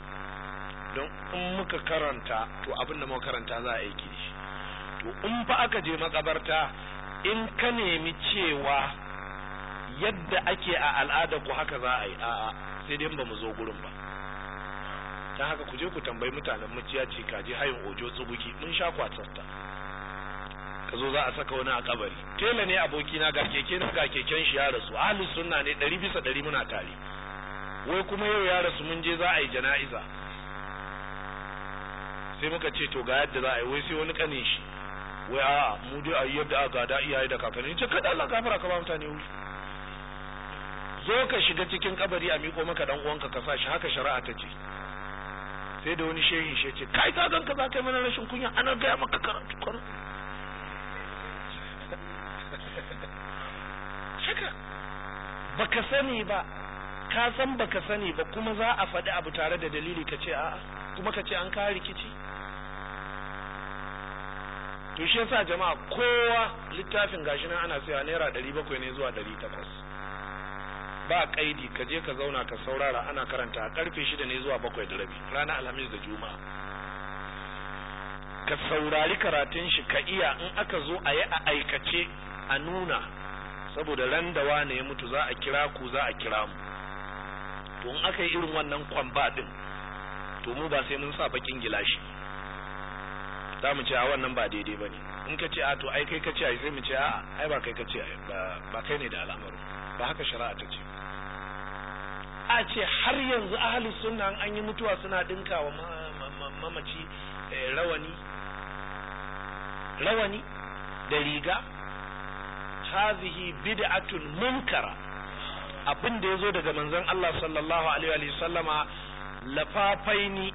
don in muka karanta to abin da muka karanta za a yi to in fa aka je makabarta in ka nemi cewa yadda ake a al'ada ku haka za a yi a'a sai dai ba mu zo gurin ba ta haka ku je ku tambayi mutanen muciya ce kaji hayin ojo tsugugi mun sha kwatsarta ka zo za a saka wani a kabari tela ne abokina ga keke na ga keken shi ya rasu ahlus sunna ne ɗari bisa ɗari muna tare wai kuma yau ya rasu mun je za a yi jana'iza sai muka ce to ga yadda za a yi wai sai wani kanin shi wai a mu dai a yadda a gada iyaye da kakanni ce kada Allah gafara ka ba mutane wuri zo ka shiga cikin kabari a miko maka dan uwanka ka sa shi haka shari'a ta ce sai da wani shehi shi ce kai ka ganka za ka yi mana rashin kunya ana gaya maka karatu karatu (laughs) shaka baka sani ba ka san baka sani ba kuma za a faɗi abu tare da dalili ka ce a'a kuma ka ce an kawo rikici to shi yasa jama'a kowa littafin gashi nan ana sayawa naira ɗari bakwai ne zuwa ɗari takwas ba kaidi ka je ka zauna ka saurara ana karanta a karfe shida ne zuwa bakwai da rabi ranar alhamis da juma'a ka saurari karatun shi ka iya in aka zo a yi a aikace a nuna saboda ran da wane ya mutu za a kira ku za a kira mu to in aka yi irin wannan kwamba din to mu ba sai mun sa bakin gilashi za mu ce a wannan ba daidai ba ne in ka ce a to ai kai ka ce a sai mu ce a ai ba kai ka ce ba kai ne da al'amarin ba haka shari'a ta ce a ce har yanzu ahli sunna an yi mutuwa suna dinka wa mamaci eh, rawani rawani da riga hazihi bid'atun munkara abin da zo daga manzon Allah sallallahu alaihi wa sallama lafafaini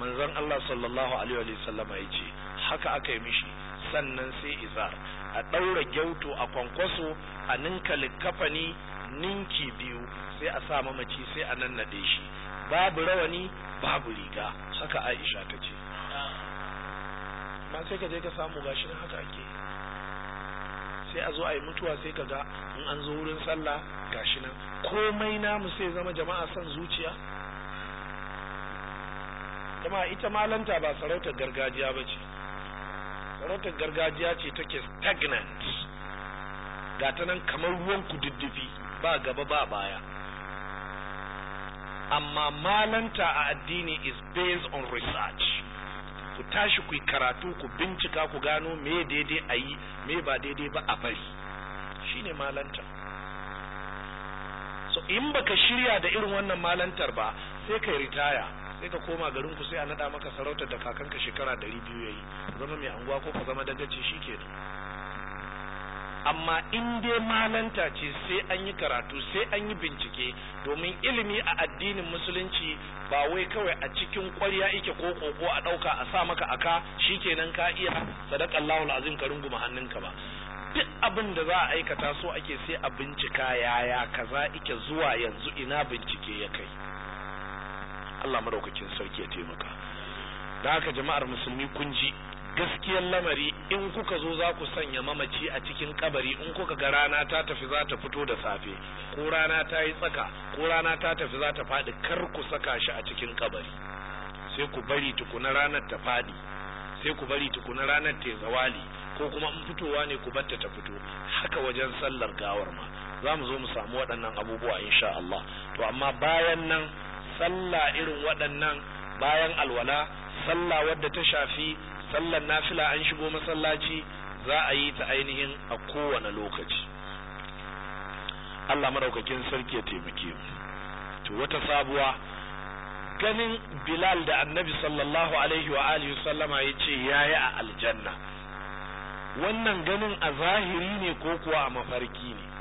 manzon Allah sallallahu alaihi wa sallama ya ce haka aka yi mishi sannan sai izar a ɗaura gyauto a kwankwaso a ninka likafani ninki biyu sai a sa mamaci sai a nade shi babu rawani babu riga haka aisha ta ce ma sai ka je ka samu gashi haka ake sai a zo a yi mutuwa sai ka ga in an zo wurin sallah gashi nan komai namu sai zama jama'a son zuciya jama'a ita malanta ba sarautar gargajiya ba ce sarautar gargajiya ce take stagnant ga ta nan kamar ruwan kududdufi ba gaba ba baya amma malanta a addini is based on research ku tashi ku karatu ku bincika ku gano me daidai a yi me ba daidai ba a bari ne malanta so in baka shirya da irin wannan malantar ba sai kai ritaya sai ka koma garin ku sai a nada maka sarautar da kakanka shekara ɗari biyu yayi yi zama mai anguwa ko ka zama dagaci shikenan amma in dai malanta ce sai an yi karatu sai an yi bincike domin ilimi a addinin musulunci ba wai kawai a cikin kwarya ike ko koko a ɗauka a sa maka aka shikenan ka iya Allahu azim ka runguma hannunka ba duk abin da za a aikata so ake sai a bincika yaya kaza ike zuwa yanzu ina bincike ya kai Allah madaukakin sarki ya taimaka da haka jama'ar musulmi kun ji gaskiyar lamari in kuka zo za ku sanya mamaci a cikin kabari in kuka ga rana ta tafi za ta fito da safe ko rana ta yi tsaka ko rana ta tafi za ta faɗi kar ku saka shi a cikin kabari sai ku bari tukuna ranar ta faɗi sai ku bari tukuna ranar ta zawali ko kuma in fitowa ne ku batta ta fito haka wajen sallar gawar ma za mu zo mu samu waɗannan abubuwa insha Allah to amma bayan nan Salla irin waɗannan bayan alwala salla wadda ta shafi sallar nafila an shigo masallaci za a yi ta ainihin a kowane lokaci Allah maraukakin sarki ya taimake mu to wata sabuwa ganin Bilal da Annabi sallallahu alaihi wa alihi sallama yace yayi a aljanna wannan ganin a zahiri ne ko kuwa a mafarki ne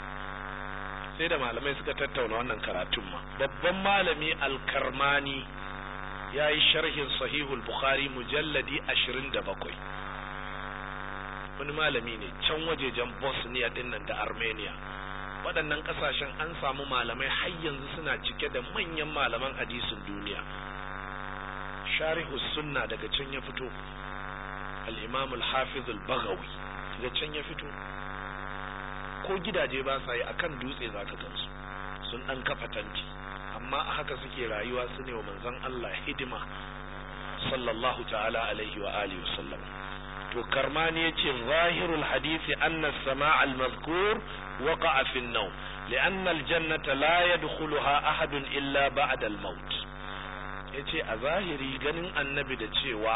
sai da malamai suka tattauna wannan karatun ma babban malami alkarmani ya yi sharhin sahihul bukhari mujalladi ashirin da bakwai wani malami ne can wajejen bosnia nan da armenia waɗannan ƙasashen an samu malamai har yanzu suna cike da manyan malaman hadisin duniya sharihu sunna daga can ya fito al-imam al-hafiz daga can ya fito ko gidaje ba sa yi akan dutse za ka gansu sun ɗan kafa tanti amma a haka suke rayuwa su ne wa manzon Allah hidima sallallahu ta'ala alaihi wa alihi wa sallam to karmani yace zahirul hadisi anna as-sama' al-mazkur waqa'a fi an-nawm li'anna al-jannata la yadkhuluha ahadun illa ba'da al-maut yace a zahiri ganin annabi da cewa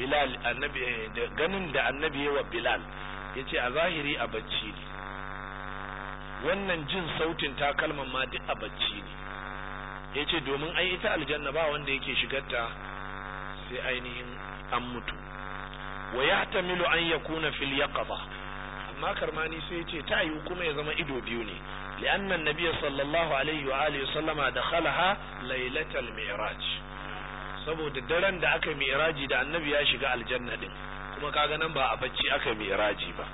bilal annabi eh, ganin da annabi yawa bilal yace a zahiri a bacci ne wannan jin sautin takalman ma duk a bacci ne ya ce domin ai ita aljanna ba wanda yake shigarta sai ainihin an mutu wa ya milo an ya kuna fil yaqaba amma karmani sai ya ce ta yi kuma ya zama ido biyu ne li'annan nabiyya sallallahu alaihi wa alihi sallama da khalaha lailatal mi'raj saboda daren da aka mi'raji da annabi ya shiga aljanna din kuma kaga nan ba a bacci aka mi'raji ba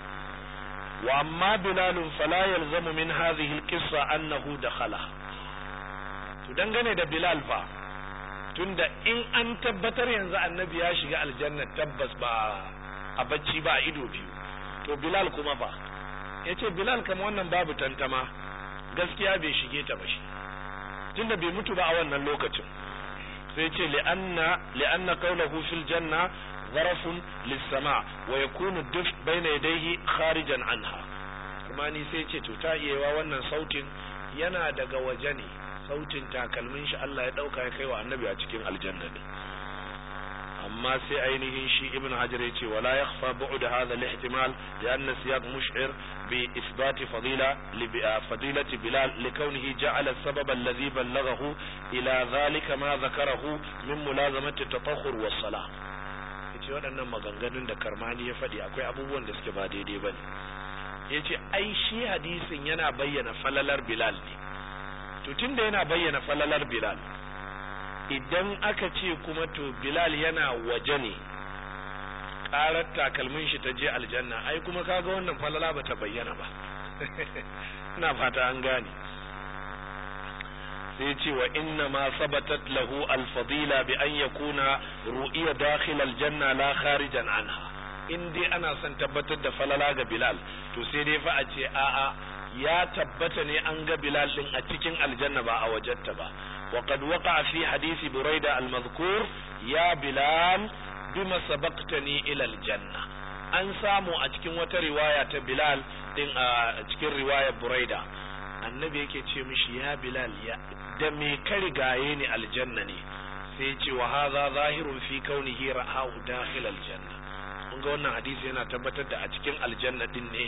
wa amma bilalun fala yalzamu min hadhihi alqissa annahu dakhala to dangane da bilal fa tunda in an tabbatar yanzu annabi ya shiga aljanna tabbas ba a bacci ba a ido biyu to bilal kuma ba yace bilal kama wannan babu tantama gaskiya bai shige ta ba shi tunda bai mutu ba a wannan lokacin sai ce li'anna li'anna qawluhu fil janna zarafun lissama wa yakunu duf baina yadayhi kharijan anha rumani sai ce to ta iyewa wannan sautin yana daga waje ne sautin takalmin shi Allah ya dauka ya kaiwa annabi a cikin aljanna ne amma sai ainihin shi ibn hajar ya ce wala yakhfa bu'd hadha al-ihtimal lian siyaq mush'ir bi isbat fadila li ah, fadilati bilal li kawnihi ja'ala as-sabab alladhi ballaghahu ila dhalika ma dhakarahu min mulazamati at-tatahhur was-salah sai waɗannan maganganun da karmani ya faɗi akwai abubuwan da suke ba daidai ba ne ya ce ai shi hadisin yana bayyana falalar bilal ne to tun da yana bayyana falalar bilal idan aka ce kuma to bilal yana waje ne ƙarar takalmin shi ta je aljanna ai kuma kaga wannan falala ba ta bayyana ba (laughs) ina fata an gane sai ce wa inna ma sabatat lahu al-fadila bi an yakuna ru'iya dakhil janna la kharijan anha in dai ana son tabbatar da falala ga Bilal to sai dai fa a ce a'a ya tabbata ne an ga Bilal din a cikin aljanna ba a wajenta ba wa qad waqa'a fi hadisi Buraida al ya Bilal bima sabaqtani ila al-janna an samu a cikin wata riwaya ta Bilal din a cikin riwayar Buraida annabi yake ce mishi ya Bilal ya da me ka rigaye ni aljanna ne sai ce wa haza zahirun fi kaunihi ra'ahu dakhil aljanna kun ga wannan hadisi yana tabbatar da a cikin aljanna din ne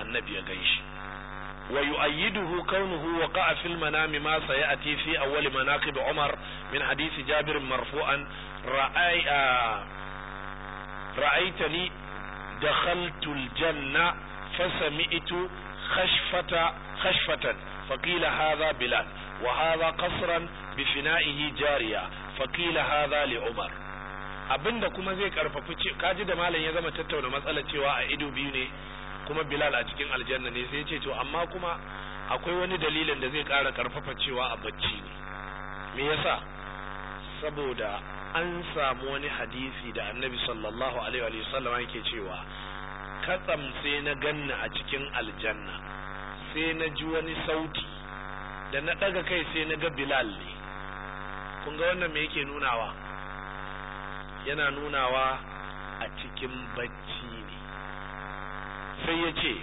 annabi ya ganshi wa yu'ayyiduhu kaunuhu waqa'a fil manami ma sayati fi awwal manaqib Umar min hadisi Jabir marfu'an ra'ai ra'aitani dakhaltu aljanna fasami'tu khashfata khashfatan fakila hadha bilal وهذا قصرا بفنائه bi فقيل هذا لعمر abinda kuma zai karfafi ce kaji da malam ya zama tattauna matsalar cewa a ido biyu ne kuma bilal a cikin aljanna ne sai ce to amma kuma akwai wani dalilin da zai kara karfafa cewa a bacci ne me yasa saboda an samu wani hadisi da annabi sallallahu alaihi wa sallam yake cewa katsam sai na ganna a cikin aljanna sai na ji wani sauti da na ɗaga kai sai na ga bilal ne kun ga wannan me yake nunawa yana nunawa a cikin bacci ne sai ya ce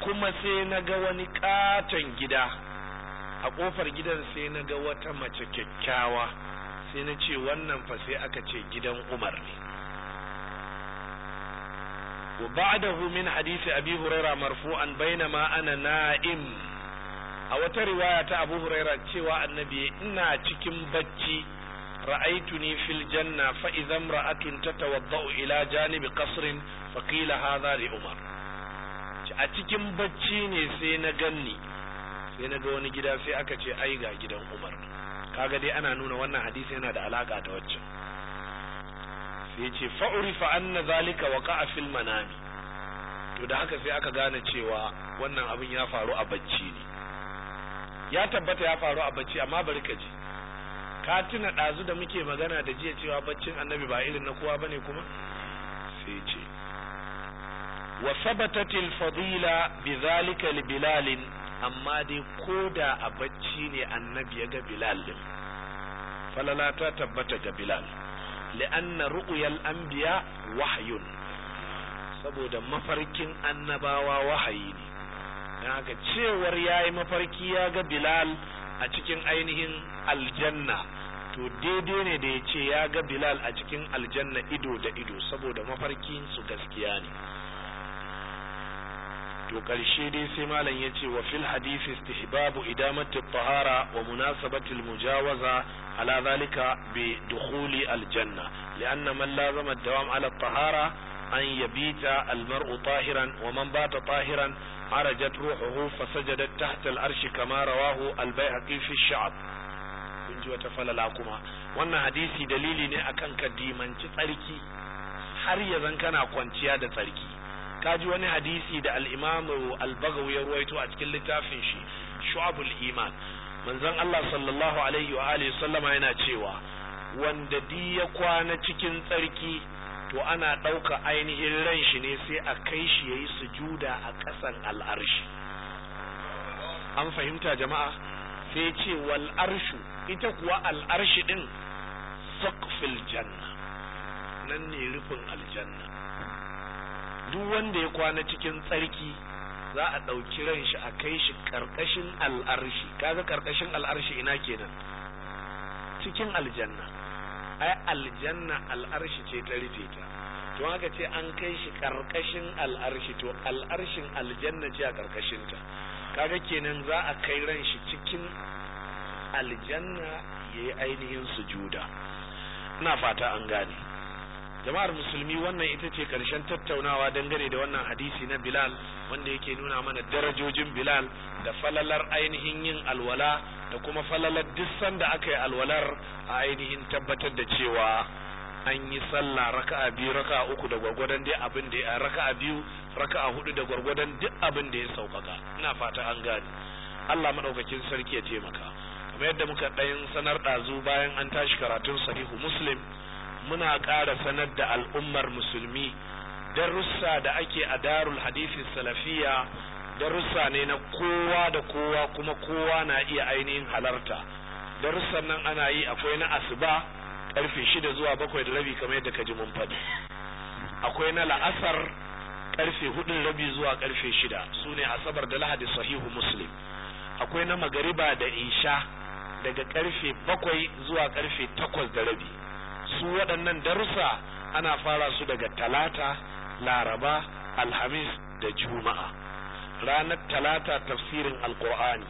kuma sai na ga wani katon gida a ƙofar gidan sai na ga wata mace kyakkyawa sai na ce wannan fa sai aka ce gidan umar ne ba'dahu min hadisi abi hurairah marfu'an bainama ana Na'im. a wata riwaya ta abu huraira cewa annabi ina cikin bacci ra'aituni fil janna fa idza imra'atun tatawaddau ila janibi kasrin fa qila hadha li umar a cikin bacci ne sai na ganni sai na ga wani gida sai aka ce ai ga gidan umar kaga dai ana nuna wannan hadisi yana da alaka da waccan sai ce fa urifa anna zalika waqa'a fil manami to da haka sai aka gane cewa wannan abin ya faru a bacci ne ya tabbata ya faru a bacci amma bari ka ji ka tuna ɗazu da muke magana da jiya cewa baccin annabi ba irin na kowa bane kuma sai ce wa sabatatil fadila bi li bilalin amma dai koda a bacci ne annabi ya ga bilal din falala ta tabbata ga bilal li'anna ru'yal anbiya wahyun saboda mafarkin annabawa wahayi ne don haka cewar ya yi mafarki ya ga bilal a cikin ainihin aljanna to daidai ne da ya ce ya ga bilal a cikin aljanna ido da ido saboda mafarkin su gaskiya ne to ƙarshe dai sai malam ya ce wa fil hadisi istihbabu idamati tahara wa munasabatil mujawaza ala zalika bi dukhuli aljanna li'anna man lazama dawam ala tahara an yabita almar'u tahiran wa man bata tahiran فخرجت روحه فسجدت تحت الأرش كما رواه البيهقي في kun ji wata falala kuma wannan hadisi dalili ne akan ka dimanci tsarki har ya kana kwanciya da tsarki ka ji wani hadisi da al-imamu a cikin littafin shi shu'abul iman manzon Allah sallallahu alaihi wa sallama yana cewa wanda di ya kwana cikin tsarki to ana ɗauka ainihin ran shi ne sai a kai shi ya yi sujuda a ƙasan al'arshi an fahimta jama'a sai ce wal arshu ita kuwa al'arshi ɗin saqfil janna nan ne rufin aljanna duk wanda ya kwana cikin tsarki za a ɗauki ran shi a kai shi ƙarƙashin al'arshi kaga ƙarƙashin al'arshi ina kenan cikin aljanna ai aljanna al'arshi ce ta rufe ta to haka ce an kai shi karkashin al'arshi to al'arshin aljanna ce a karkashin ta kaga kenan za a kai ran shi cikin aljanna yayi ainihin sujuda ina fata an gane jama'ar musulmi wannan ita ce karshen tattaunawa dangane da wannan hadisi na bilal wanda yake nuna mana darajojin bilal da falalar ainihin yin alwala da kuma falalar duk sanda aka yi alwalar a ainihin tabbatar da cewa an yi sallah raka'a biyu raka'a uku da gwargwadon duk abin da ya raka'a biyu raka'a hudu da gwargwadon duk abin da ya sauƙaƙa ina fata an gani. Allah madaukakin sarki ya taimaka kamar yadda muka ɗayan sanar ɗazu bayan an tashi karatun sahihu muslim muna ƙara sanar da al'ummar musulmi darussa da ake a darul hadisi salafiya darussa ne na kowa da kowa kuma kowa na iya ainihin halarta darussan nan ana yi akwai na asuba karfe shida zuwa bakwai da rabi kamar yadda ka ji mun faɗi akwai na la'asar karfe hudun rabi zuwa karfe shida su ne asabar da lahadi sahihu muslim akwai na magariba da isha daga karfe bakwai zuwa karfe takwas da rabi su waɗannan darussa ana fara su daga talata laraba alhamis da juma'a ranar talata tafsirin alkur'ani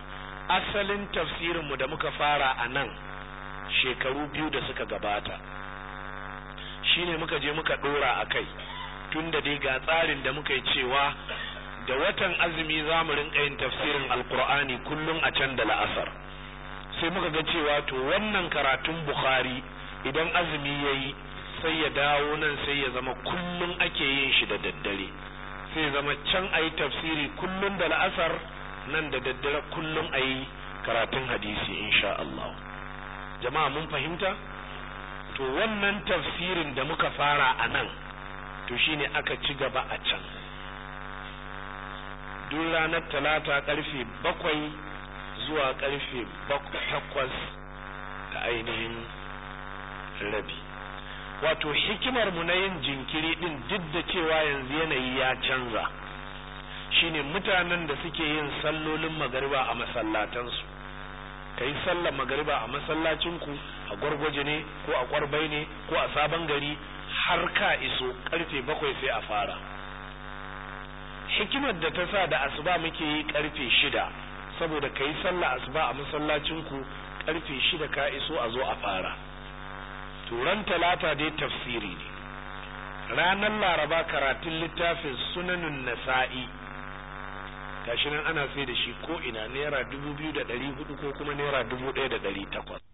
asalin tafsirinmu da muka fara a nan shekaru biyu da suka gabata shine muka je muka ɗora a kai tun da dai ga tsarin da muka yi cewa da watan azumi za mu rinka yin tafsirin alkur'ani kullum a can da la'asar sai muka ga cewa to wannan karatun bukhari idan azumi ya yi sai ya dawo nan sai ya zama kullum ake yin shi da daddare sai zama can ayi yi tafsiri kullum da la'asar nan da daddare kullum ayi karatun hadisi insha Allah jama'a mun fahimta to wannan tafsirin da muka fara a nan to shine aka ci gaba a can duk ranar talata karfe bakwai zuwa karfe takwas da ainihin rabi wato hikimar mu na yin jinkiri din duk da cewa yanzu yanayi ya canza shine mutanen da suke yin sallolin magariba a masallatansu ka yi sallar magariba a masallacin ku a gwargwaje ne ko a kwarbai ne ko a sabon gari har ka iso karfe bakwai sai a fara hikimar da ta sa da asuba muke yi karfe shida saboda ka sallar asuba a masallacin ku karfe shida ka iso a zo a fara turan talata dai tafsiri ne ranar laraba karatun littafin sunanin nasa'i gashi nan ana sai da shi ko ina naira dubu biyu da ɗari hudu ko kuma naira dubu ɗaya da ɗari takwas